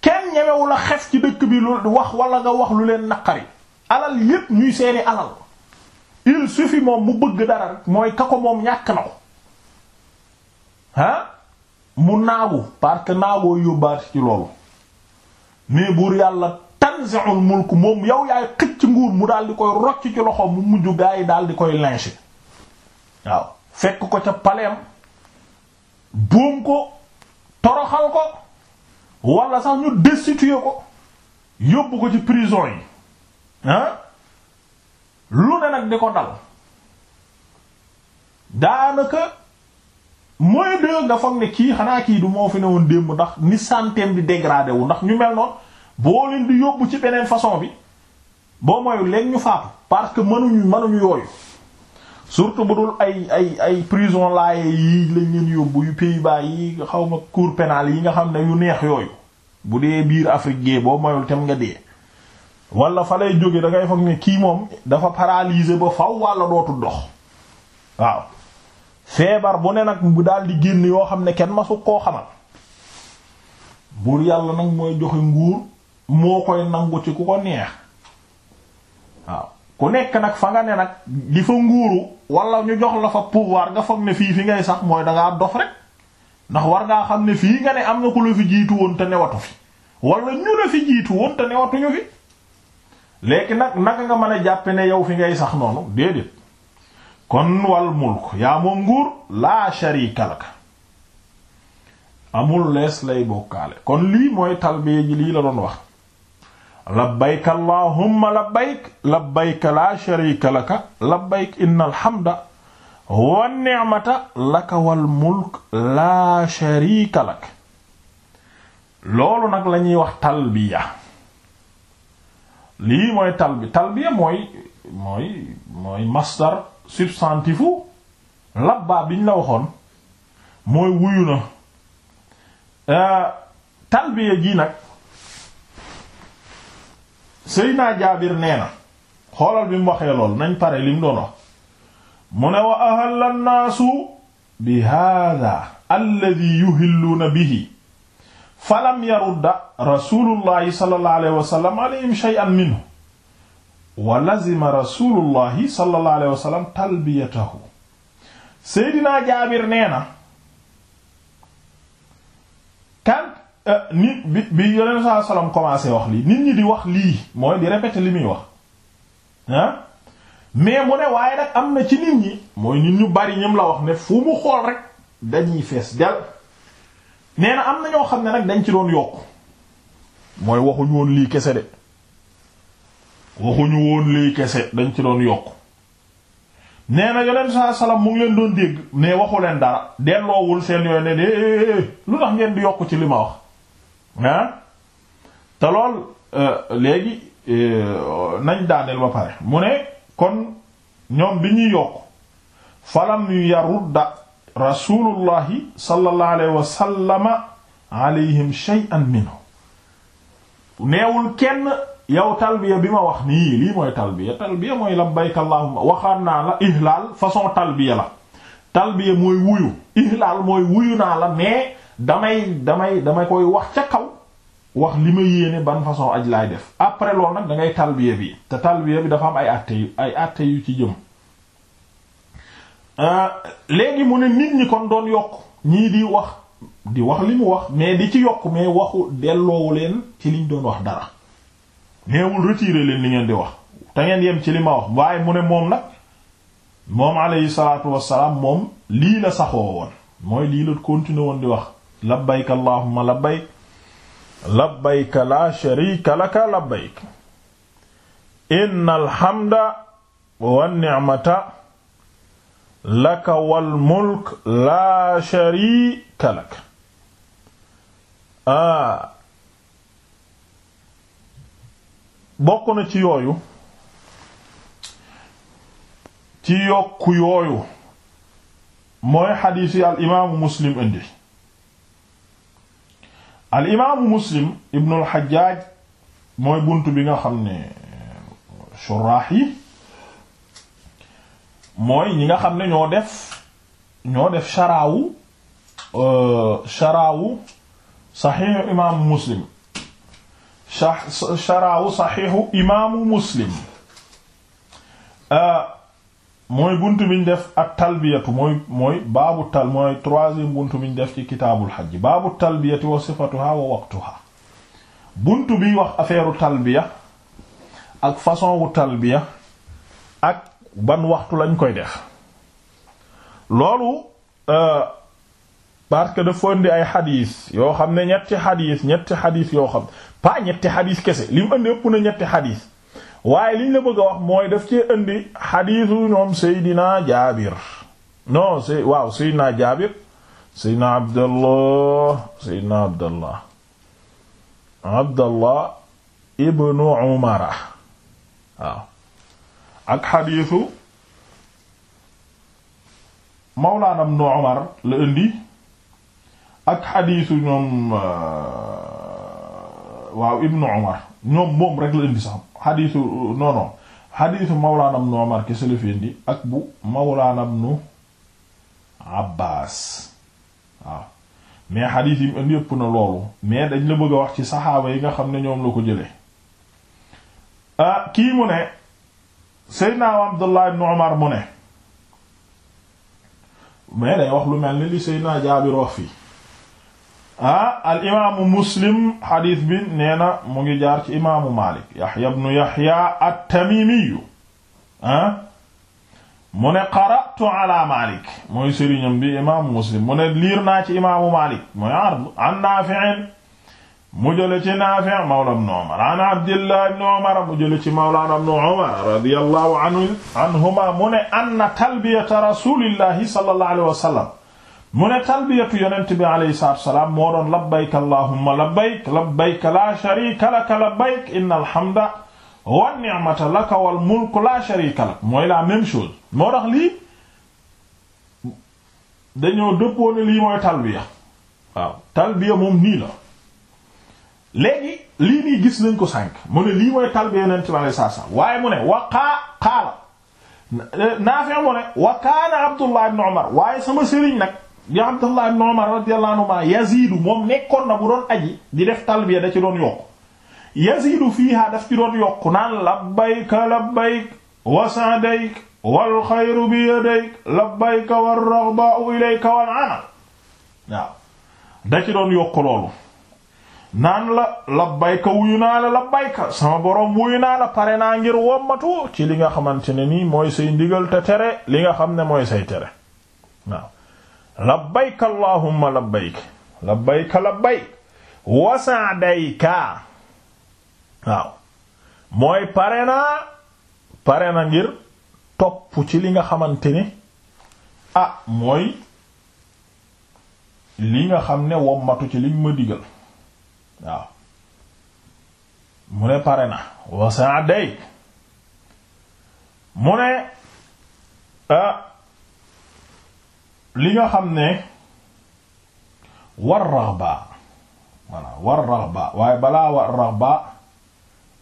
kenn ñemewu la xef ci dëkk bi lu wax wala nga wax lu leen naqari alal yépp ñuy seeni alal il suffit moom mu bëgg dara rek mooy kako moom ñàkk na ko ah mu naagu parce que naagoo yóbbaat ci loolu mais buur yàlla tanzi'ul mulk moom yow yaay xëcc nguur mu daal di koy rocc ci loxo mu mujj gaa yi daal di koy lyncher waaw fekk ko ca paleem buum ko toroxal ko wala sax ñu destituer ko yóbbu ko ci prison yi lu ne nag di ko dal daanaka mooy de nga foog ne kii xanaa kii du moo fi ne woon démb ndax ni santeem di dégradé wu ndax ñu mel noonu boo leen di yóbbu ci beneen façon bi boo mooy leen ñu faatu parce que mënuñu mënuñu yooyu surtout bu dul ay ay ay prison laaye yi lañ leen yóbbu yu Pays-Bas yi xaw ma cour pénale yi nga xam ne yu neex yooyu bu dee biir Afrique gée boo moyul tem nga dee wala fa lay jóge da ngay ne kii moom dafa paralysé ba faw walla dootul dox waaw feebar bu ne nag bu daal di génn yoo xam ne kenn masu koo xamal buur yàlla nag mooy joxe nguur moo koy nangu ci ku ko neex waaw ku nekk nag fa nga ne nag di fa nguuru walla ñu jox la fa pouvoir nga foog ne fii fi ngay sax mooy dangaa dof rek ndax war ngaa xam ne fii nga ne am na ku la fi jiitu woon te newatu fi wala ñu la fi jiitu woon newatuñu fi léegi nag naka nga mën a jàppe ne yow fi ngay sax noonu déedéet kon wal mulk yaa moom nguur laa sharika lak amul lees lay bokkaale kon lii mooy talbiya ji lii la doon wax labbayk allahumma labbayk labbayk laa sharika laka labbayk innal hamda wan ni'mata laka wal mulk laa sharika lak loolu nag lañuy wax talbiya lii mooy talbi talbiya mooy mooy substantif u labbaa biñ la waxoon mooy wuyu na euh, talbiya ji nag Seydina Jaabir nee na xoolal bi mu waxee nañ pare li mu doon wax mu ne wa ahalla nnaasu bi hada alladi yuhilluuna bihi falam yarudda rasulullahi sallallahu alayhi wa sallam alayhim minhu wa lazima rasulullahi sallallahu alayhi wa sallam talbiyatahu seydinaa jaabir nee na kan eh, nit bi bi yonent saa salaam commencé wax lii nit ñi di wax lii mooy di répéter li muy wax mais mu ne waaye nag am na ci nit ñi mooy nit ñu bari ñoom la wax ne fu mu xool rek dañuy fees del nee na am na ñoo xam ne nag dañ ci doon yokk mooy waxuñu woon lii kese de waxuñu woon lii kese dañ ci doon yokk nee na yonent saa salaam mu leen doon dégg mais waxu leen dara delloowul seen yooyu ne de lu tax ngeen di yokk ci li ma wax te lool euh, léegi euh, nañ daaneel ba pare mu ne kon ñoom bi ñuy yokk falam yu yarudda rasulullahi sallallahu alayhi wa sallama alayhim shay'an minhu neewul kenn yow talbiya bi ma wax nii lii mooy talbiya talbiya mooy labbayk allahumma waxaan naa la ihlaal façon talbiya la talbiya mooy wuyu ihlaal mooy wuyu naa la mais damay damay damay koy wax ca kaw wax li ma yéene ban façon aj laay def après loolu nag da ngay talbiya bi te talbiya bi dafa am ay àtte yu ay àtte yu ci jëm euh, léegi mu ne nit ñi kon doon yokk ñii di wax di wax li mu wax mais di ci yokk mais waxu delloowu leen ci liñ doon wax dara neewul retirer leen li ngeen di wax te ngeen yem ci lima wax waaye mu ne moom nag moom alayhi lii la saxoo woon mooy lii la woon di wax labbayka allahumma labbayk labbayka la sharika laka labbayk innal hamda wan ni'mata laka wal mulk la sharika laka ah bokk na ci yooyu ci yokku yooyu mooy xadiis yi al imaamu muslim indi al imaamu muslim ibnul xajaaj mooy bunt bi nga xam ne suraax yi mooy ñi nga xam ne ñoo def ñoo def sharaawu euh, sharaawu saxiix imaamu muslim sharaawu saxiixu imaamu muslim ah, mooy bunt bi def ak talbiyatu mooy baabu tal mooy troisième bunt bi def ci kitaabul xaj baabu talbiyati wa sifatuha wa waqtuha bunt bi wax affaire talbiya ak façon wu talbiya ak ban waxtu lañ koy def loolu ah, parce que dafa ay xadiis yoo xam ne ñetti xadiis ñetti xadiis yoo xam pas ñetti xadis kese li mu indi ëpp na ñetti xadis waaye liñ la a wax mooy daf cee indi xadisu ñoom Seydina Jaabir ibnu Umara ak xadisu Mawlaana ibnu Umar la indi ak xadisu ñoom. Euh, waaw ibnu Umar ñoom moom rek la indi sax xadiisu non non xadiisu mawlaana Umar kese la fi ak bu mawlaana ibnu Abbaas waaw mais xadiis yi indi yëpp na loolu mais dañ la bëgg a wax ci saxaaba yi nga xam ne ñoom la ko jëlee ah kii mu ne Seydina Abdullah ibnu Umar mu ne mais day wax lu mel ni li Seydina Jaabir wax fii ah al imaamu muslim xadiis bi nee na mu ngi jaar ci imaamu Maalik Yaxya ibnu Yaxya at-Tamiimiyu ah mu ne qara'tu ala Maalik mooy sëriñam bi imaamu muslim mu ne liir naa ci imaamu Maalik mooy an Naafi'in mu jële ci Naafi' mawla ibnu Umar an Abdillah ibnu Umar mu jële ci mawlaana ibnu Umar radiyallahu anhu anhuma mu ne anna talbiyata rasuulillahi sallallahu alayhi wa sallam mu ne talbiyatu yonent bi alayhi salaatu wassalaam moo doon labbayk allahumma labbayk labbayk laa sharika laka labbayk innal hamda wan ni'mata laka wal mulku laa sharika lak mooy la même chose moo tax lii dañoo dëppoo ne lii mooy talbiya waaw talbiya moom nii la léegi lii nii gis nañ ko sànq mu ne lii mooy talbiya yonent bi alayhi salaatu wassalaam waaye mu ne wa qaa qaala Naafi' mu ne wa kaana Abdullah ibn Umar waaye sama sëriñ nag di Abdullah ibn Umar radiyallahu anhuma yaziidu moom nekkoon na bu doon aji di def talbiya da ci doon yokk yaziidu fiiha daf ci doon yokk naan labbayka labbayka wal amal da ci doon yokk loolu naan la labbayka wuyu naa la labbayka sama borom wuyu naa la pare naa ngir wommatu ci li nga xamante ne nii mooy say ndigal te tere li nga xam ne mooy say tere labbayk allahumma labbayk labbayka labbayk wa waaw mooy pare naa pare na ngir topp ci li nga xamante ni ah mooy li nga xam ne wommatu ci liñ ma digal waaw mu ne pare na wa sa'dayk mu ne ah li nga xam ne war raxba waaye balaa war raxba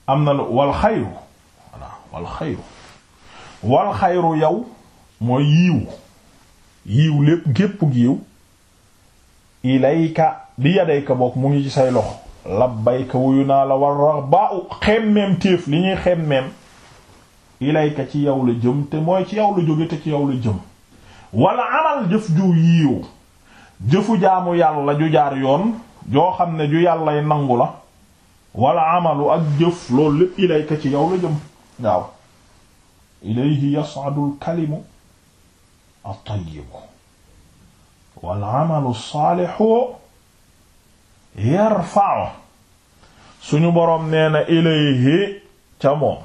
am na lu wal xayru voilà wal xayru wal mooy yiiw yiiw lépp gépp giiw ilayka bi yadayka bokk mu ngi ci say loxo labbayka wuyu naa la war raxba u xemmeem téef li ñuy xemmeem ilayka ci yow la jëm te mooy ci yow la jóge te ci yow la jëm wala amal jëf ju yiw jëfu jaamu yàlla ju jaar yoon joo xam ne ju yàllay nangu la wala amalu ak jëf loolu lépp ilayka ci yow la jëm waaw ilayhi yas'adul kalimu at-tayyibu wal amalu saalihu yarfa'u suñu boroom nee na ilayhi ca moom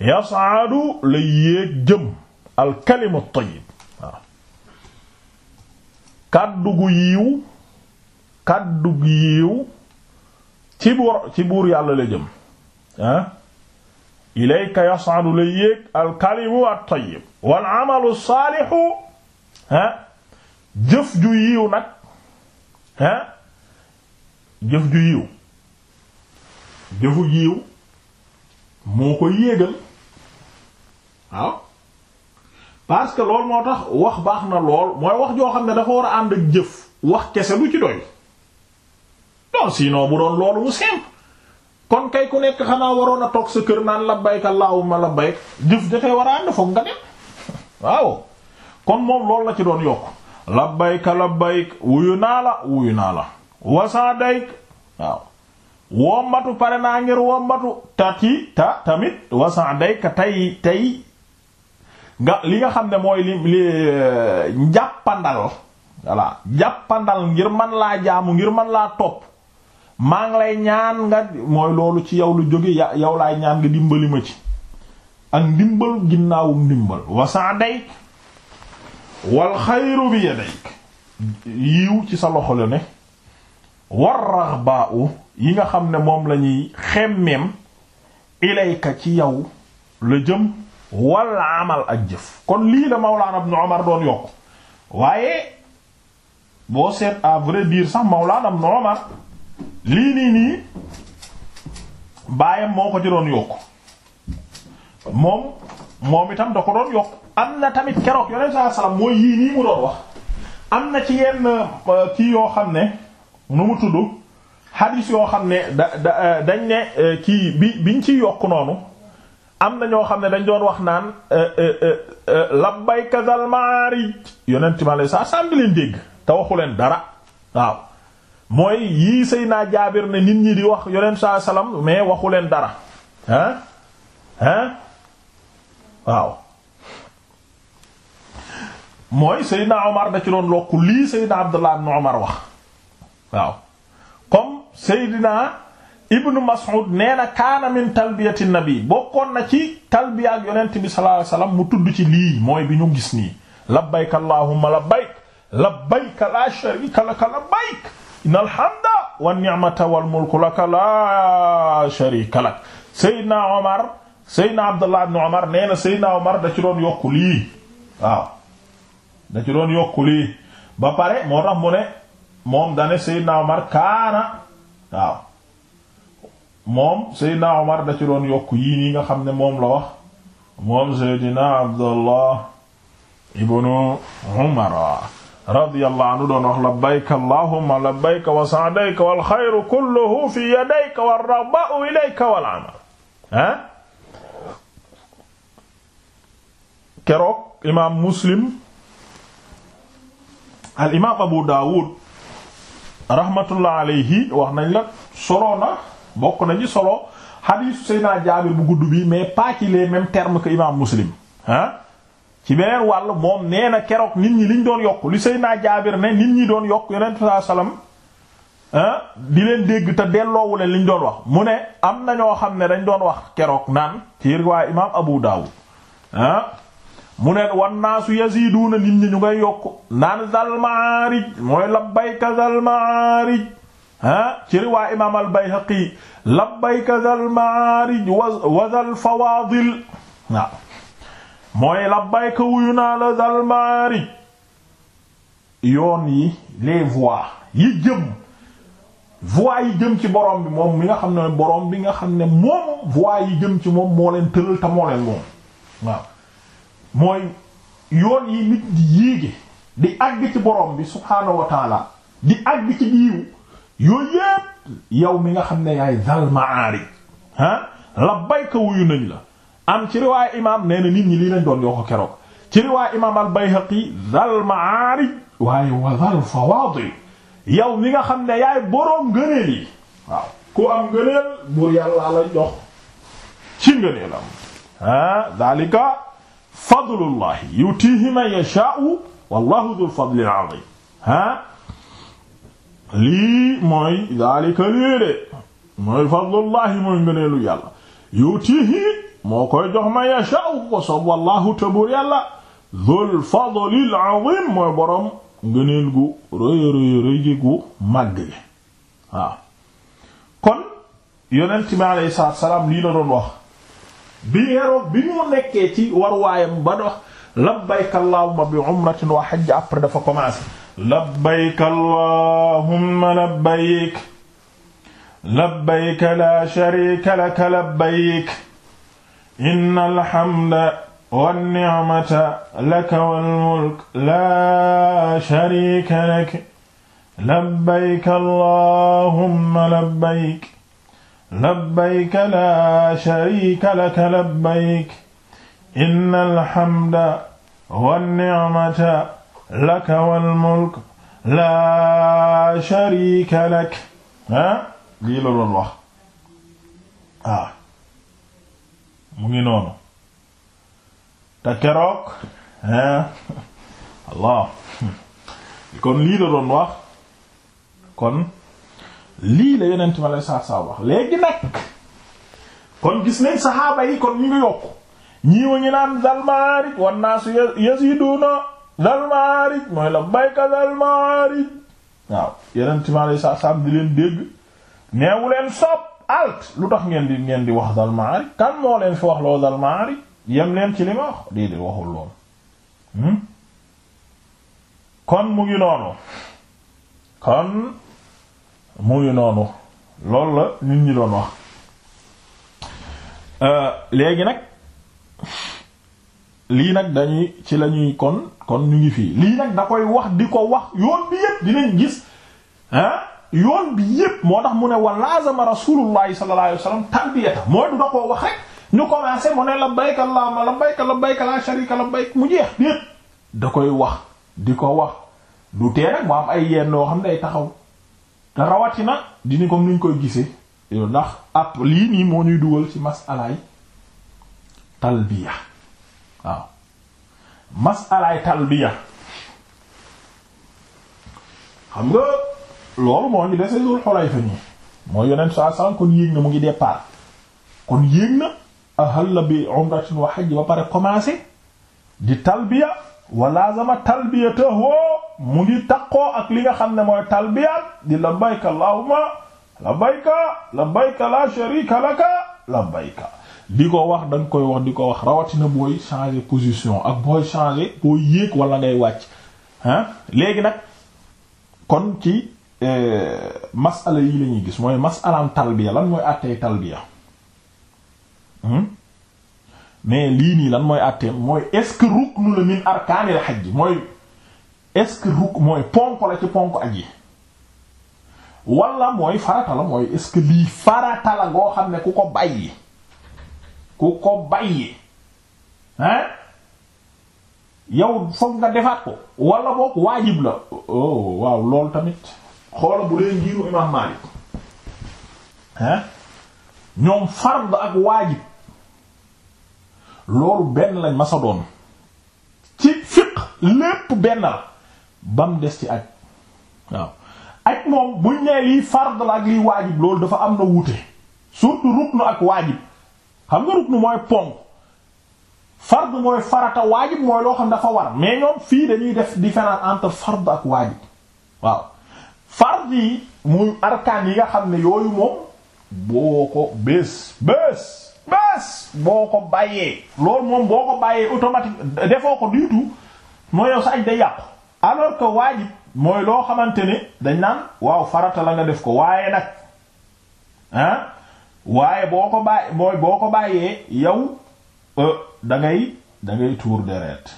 yas'adu la yéeg jëm al kalimu tayyib waaw kàddu gu yiiw kàddu gu yàlla la jëm ah ilayka yas'adu la yéeg wal amalu saalihu ah jëf ju yiiw nag ah jëf ju yiiw jëfu yiiw moo ko yéegal waaw parce que loolu moo tax wax baax na lool mooy wax joo xam ne dafa war a ànd ak jëf wax kese lu ci doy non sinon bu doon loolu mu simple kon kay ku nekk xanaa waroon a toog sa kër naan labbayka allahumma labbayk jëf dafay war a ànd foog nga dem waaw kon moom loolu la ci doon yokk labbayka labbayk wuyu naa la wuyu naa la wasaadayk waaw wommatu pare naa ngir wommatu tati ta tamit wasaadayka tay tay nga li nga xam ne mooy li li euh, jàppandal voilà jàppandal ngir man laa jaamu ngir man laa topp maa ngi lay ñaan nga mooy loolu ci yow lu jóge ya yow laay ñaan nga dimbali ma ci ak ndimbal ginnaawum ndimbal wasa'dayk wal xayru bi yadayk yiw ci sa loxo la ne war raghba'u yi nga xam ne moom lañuy ñuy xemmeem ilayka ci yow la jëm wal amal ak jëf kon lii la Mawlaana Ibn Umar doon yokk waaye boo seet à vrai dire sax Mawlaana Ibn Umar lii nii nii baayam moo ko ci doon yokk moom moom itam da ko doon yokk am na tamit keroog yonent saa salaam mooy yii nii mu doon wax am na ci yenn euh, kii yoo xam ne nu mu tudd hadis yoo xam ne da da euh, dañ ne euh, kii bi biñ ci yokk noonu am na ñoo xam ne dañ doon wax naan euh, euh, euh, labbayka zal maarij yonent ma lay saa sàmm di leen dégg te waxu leen dara waaw mooy yii sëy naa jaabir na nit ñi di wax yonent saa salaam mais waxu leen dara ah ah waaw. mooy Seydina Omar da ci doon lokku lii Seydina Abdullah ibn Omar wax waaw comme Seydina ibnu Mas'ud nee na kaana min talbiyati nabi bokkoon na ci talbiya ak yonent mu tudd ci lii mooy bi ñu gis nii labbayk allahumma labbayk labbayk la sharika laka labbayk innal hamda wan ni'mata wal mulku laka la sharika lak Seydina Omar Seydina Abdullah ibn Omar nee na Seydina Omar yokku lii waaw da ci moom dane Seydina Omar kaana moom Seydina Omar da ci doon yokk yii nii nga xam ne moom la wax moom Seydina Abdallah ibnu Umar radiyallahu anhu doon wax labbayka allahumma labbayka wa sa'dayka wal xayru kulluhu fi yadayka war raghba'u ilayka wal amal ah keroog imaam Muslim al imaam Abu Dawud rahmatullah alayhi wax nañ la solo na bokk nañu solo xadiisu Seydina Jaabir bu gudd bi mais pas ci les mêmes termes que Muslim ci beneen wàll moom nee na keroog nit ñi liñ doon yokk li Seydina Jaabir ne nit ñi doon yokk yonent saa salaam di leen dégg te delloowu leen liñ doon wax mu ne am na ñoo xam ne dañ doon wax keroog naan ci riwaaya imam Abu Dawud mu ne wan naasu yaziduuna nit ñi ñu ngay yokk naan zal maarij mooy labbayka zal ah ci riwaa imaam al-Bayhaqi labbayka zal ma'aarij wa zal fawaadil mooy labbayka wuyu naa la zal ma'aarij yoon yi les voies yi jëm voies yi jëm ci borom bi moom yi nga xam ne bi nga xam ne moom voies yi jëm ci moom moo leen tëral te moom mooy yoon yi nit di yéege di àgg ci borom bi subhaanahu wa taala di àgg ci biiw yooyu yépp yow mi nga xam ne yaay zal ma'aarij ah labbayka wuyu nañ la am ci riwaay imaam nee na nit ñi lii lañ doon yoo ko keroog ci riwaay imaam al-Bayhaqi zal ma'aarij wa zal fawaadil yow mi nga xam ne yaay boroom ngëneel yi waaw ku am ngëneel buur yàllaa la jox ci ngëneelam ah daalika fadlullahi yutiihi man yashaa'u wallahu dhul fadlil 'azim lii mooy daalika lii de mooy fadlullahi mooy ngëneelu yàlla yutihi moo koy jox ma yasha'u ko soob wallahu tabur yàlla dhul fadlil azim mooy boroom ngëneel gu rëy rëy rëy gi gu màgg gi waaw kon yonent mi alayhi salaatu salaam lii la doon wax bi yeroog bi mu nekkee ci war waayam ba dox labbayka bi umratin wa hajj après dafa commencé labbayk allahumma labbayk labbayk laa sharika laka labbayk innal hamda wan ni'mata laka wal mulk laa sharika laka labbayk allahumma labbayk labbayk laa sharika laka labbayk innal hamda wan ni'mata laka wal mulk laa sharika lak ah lii la doon wax ah mu ngi noonu te keroog ah Allah kon lii la wax kon lii la yeneen ma lay saa saa wax léegi nag kon gis nañ saxaaba yi kon ngi yokku ñii wa ñu naan zal maarij wan naasu yaziduuna dal maarij mooy la bayka dal maarij waaw yeneen ciment saa saam di leen dégg neewu leen sopp alt lu tax ngeen di ngeen di wax dal maarij kan moo leen fi wax loo dal maarij yem leen ci lima ma wax déedéet waxul loolu hmm? kon mu ngi noonu kon mu ngi noonu loolu la nit ñi doon wax euh, léegi nag. lii nag dañuy ci la ñuy kon kon ñu ngi fii lii nag da koy wax di ko wax yoon bi yépp dinañ gis yoon bi yépp moo tax mu ne wa lazama rasulullahi sallallahu alayhi wasallam talbiyata mooy du wax rek ñu commencé mu ne labbayka allahumma labbayka labbayka la mu jeex déet da koy wax di ko wax du tee nag am ay yenn yoo xam ne day taxaw te rawatina dini comme ni ñu koy gisee yow ndax ab lii nii moo ñuy dugal ci masalaay talbiya waaw masalaay talbiya xam nga loolu moo ñu dese Dul Xulayfa ñi mooy yonent saa san kon yéeg mu ngi départ kon yéeg na ahalla bi umratin wa hajj ba pare commencé di talbiya wa lazama talbiyatahu mu ngi taqoo ak li nga xam ne mooy talbiya di labbayka allahumma labbayka labbayka la sharika laka labbayka di ko wax dañ koy wax di ko wax rawatina booy changer position ak booy changer booy yéeg wala ngay wàcc ah léegi nag kon ci euh, masala yi la gis mooy masalaan talbiya lan mooy àttee talbiya hmm? mais lii nii lan mooy àttee mooy est-ce que ruknu la min mooy est-ce que ruk mooy ponk la ci ponk aj yi wala mooy farata la mooy est-ce que lii farata la goo xam ne ku ko bàyyi ku ko bàyyi hein yow foog nga defaat ko wala boog waajib la oh waaw loolu tamit xoola bu dee ngiiru imam Malik hein ñoom fard ak waajib loolu benn lañ masa ci fiq lépp benn la ba des ci ak waaw aj moom buñ nee lii fard la ak liy waajib loolu dafa am na wuute surtout rukn ak waajib xam nga ruknu mooy ponk fard mooy farata waajib mooy loo xam dafa war mais ñoom fii dañuy def différence entre fard ak waajib waaw fard yi muy arkaan yi nga xam ne yooyu moom boo ko bés bés bés boo ko bàyyee loolu moom boo ko bàyyee automatique defoo ko du mooy yow sa aj day yàqu alors que waajib mooy loo xamante ne dañ naan waaw farata la nga def ko waaye nag ah waaye boo ko bàyyi mooy boo ko bàyyee yow euh, dangay dangay tour ngay tuur deret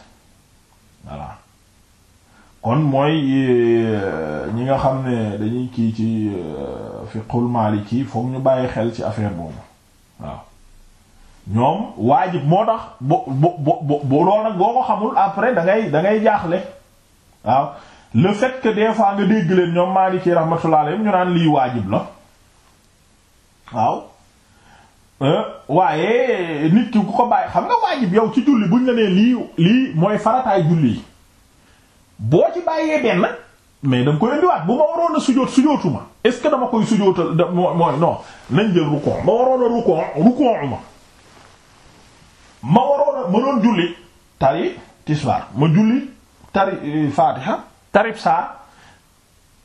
kon mooy euh, ñi nga xam ne dañuy kii ci euh, fiqhul maliki foog ñu bàyyi xel ci affaire boobu waaw ñoom waajib moo tax bo bo bo bo loolu nag boo ko xamul après da ngay jaaxle waaw le fait que des nga dégg leen ñoom maliki rahmatullah alayhim ñu naan lii waajib la waaw waaye nit ki ku ko bàyyi xam nga waajib yow ci julli buñ la nee lii lii mooy farataay julli yi boo ci bàyyee benn mais dama koy indiwaat bu ma waroon a sujoot sujootu dama koy sujootal mooy non nañ jël rukkoo ma waroon a rukkoo rukkoo ma ma waroon a ma doon julli eh,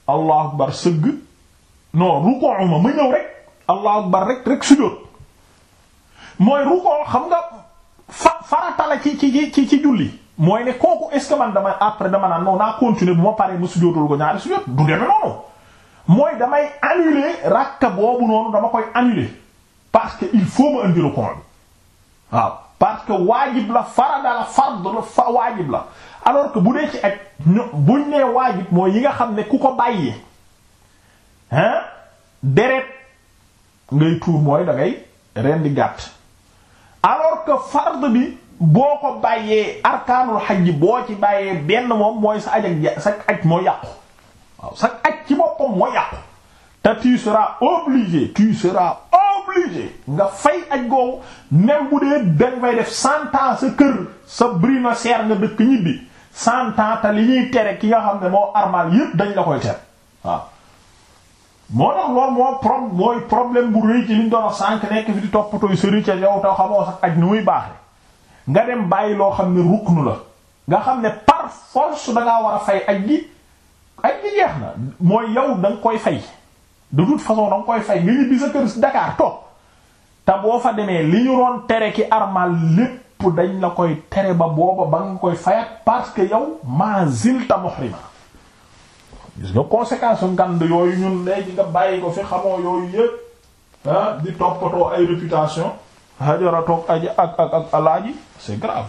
allahu akbar sëgg non rukkoo ma ma ñëw rek allahu akbar rek rek mooy rukkoo xam nga fa farata la ci ci ci ci julli mooy ne kooku est-ce dama après dama naan non naa continuer bu ma paree ma sujjóotul ko ñaari noonu mooy damay annuler rakka boobu noonu dama koy annuler parce que il faut ma indi rukkoo bi waaw parce que waajib la farada la fard la fa waajib la alors que bu dee ci ak buñ nee waajib mooy yi nga xam ne ku ko bàyyi hein deret ngay tuur mooy da rendi gàtt alors que bi boo ko bàyyee arkaanul xaj boo ci bàyyee benn moom mooy sa aj ak sa aj moo yàqu waaw sa aj ci boppam moo yàqu ta tu seras obligé tu seras obligé nga fay aj googu même bu dee dañ fay def cent sa kër sa brinoceer nga dëkk ñibbi cent ans li ñuy tere ki nga xam ne moo armal yépp dañ la koy tere moo tax loolu moo pro mooy problème bu rëy ci liñ doon wax sànq nekk fi di toppatooy sëriñ ca yow taw xamoo sax aj nu muy baaxe nga dem bàyyi loo xam ne ruknu la nga xam ne par force dangaa war a fay aj gi aj gi jeex na mooy yow da koy fay de toute façon da koy fay nga ñibbi sa kër Dakar toog te boo fa demee li ñu doon tere ki armal lépp dañ la koy tere ba booba ba nga koy fay parce que yow ma zilta muhrima gis nga conséquence ngand yooyu ñun léegi nga bàyyi ko fi xamoo yooyu yëpp ah di toppatoo ay réputation hajara toog aji ak ak ak alaaji c'est grave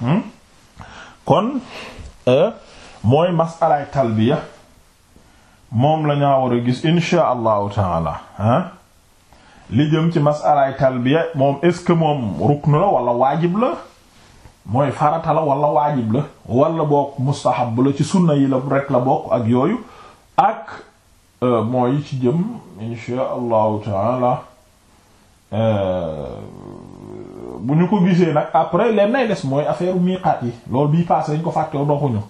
hmm? kon eh, mooy masalaay talbiya moom la war a gis insha allahu taala ah li jëm ci masalaay talbiya moom est-ce que moom ruknu la wala waajib la mooy farata la wala waajib la wala bokk mustahab la ci sunna yi la rek la bokk ak yooyu ak euh, mooy yi ci jëm insha allahu taala euh, bu ñu ko gisee nag après leen ay des mooy affaire miiqaat yi loolu bii passé dañ ko fàttew doxuñu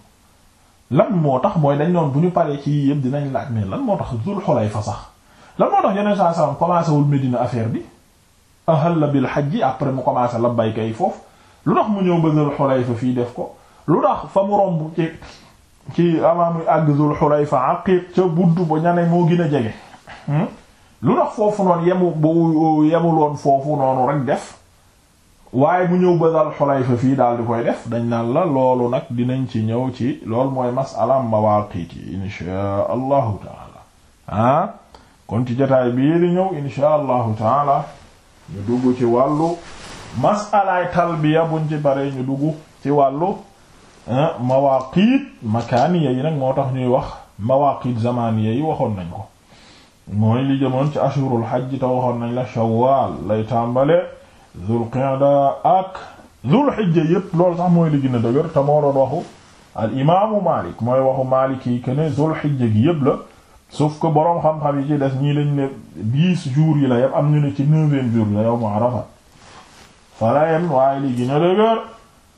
lan moo tax mooy dañ noon bu ñu paree ci yëpp dinañ laaj ne lan moo tax Zul fa sax lan moo tax yeneen saa salaam commencé wul Medina affaire bi ahalla bil hajji après mu commencé labbayka yi foofu lu tax mu ñëw ba Zul Xulayfa fii def ko lu tax fa mu romb ci ci avant muy àgg Zul Xulayfa aqiq ca budd ba ñane moo gën a jege hmm? lu tax foofu noonu yemu bu yemuloon foofu def waaye mu ñëw ba Zul Xulayfa fii daal koy def dañ naan loolu nag dinañ ci ñëw ci lool mooy masalaam mawaaqiit yi insha allahu taala ah kon ci jotaay bii di ñëw insha allahu taala ñu dugg ci wàllu masalaay talbiya buñ ci ñu dugg ci wàllu Ah, mawaqit makaaniya yi nag moo tax ñuy wax mawaqit zamaniya yi waxoon nañ ko mooy li jëmoon ci ashurul hajj ta waxoon nañ la shawwal lay tàmbale zul qa'da ak zul hijja yépp loolu sax mooy li gën a dëgër te moo doon waxu al imaamu Maalik mooy waxu Maalik yi que ne zul hijja gi yépp la sauf que boroom xam-xam yi ci des ñii la ne dix jours yi la yépp am ñu ne ci neuvième jour la yawmu Arafa fa la yem waaye li gën a dëgër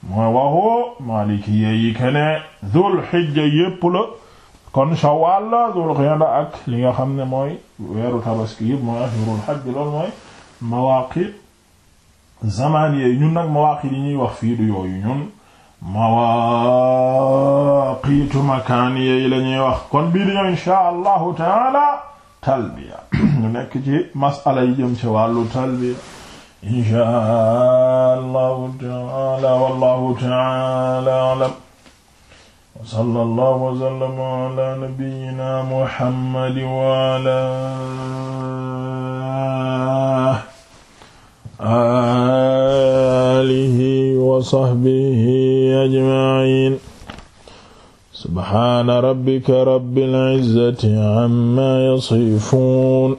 mooy waxu maaliki yi kene zul xijja yépp la kon shawal la zul xiyada ak li nga xam ne mooy weeru tabaski yépp mooy ashurul xaj loolu mooy mawaqit zamaan yi ñun nag mawaqit yi ñuy wax fii du yooyu ñun mawaqitu makaan yi la ñuy wax kon bii di ñëw insha taala talbiya ñu nekk ci masala yi jëm ci wàllu talbiya inshaa allahu taala wallahu taala alam wa sallallahu wa sallama ala nabiyyina muhammadin wa ala alihi wa sahbihi ajma'in subhaana rabbika rabbil izzati amma yasifun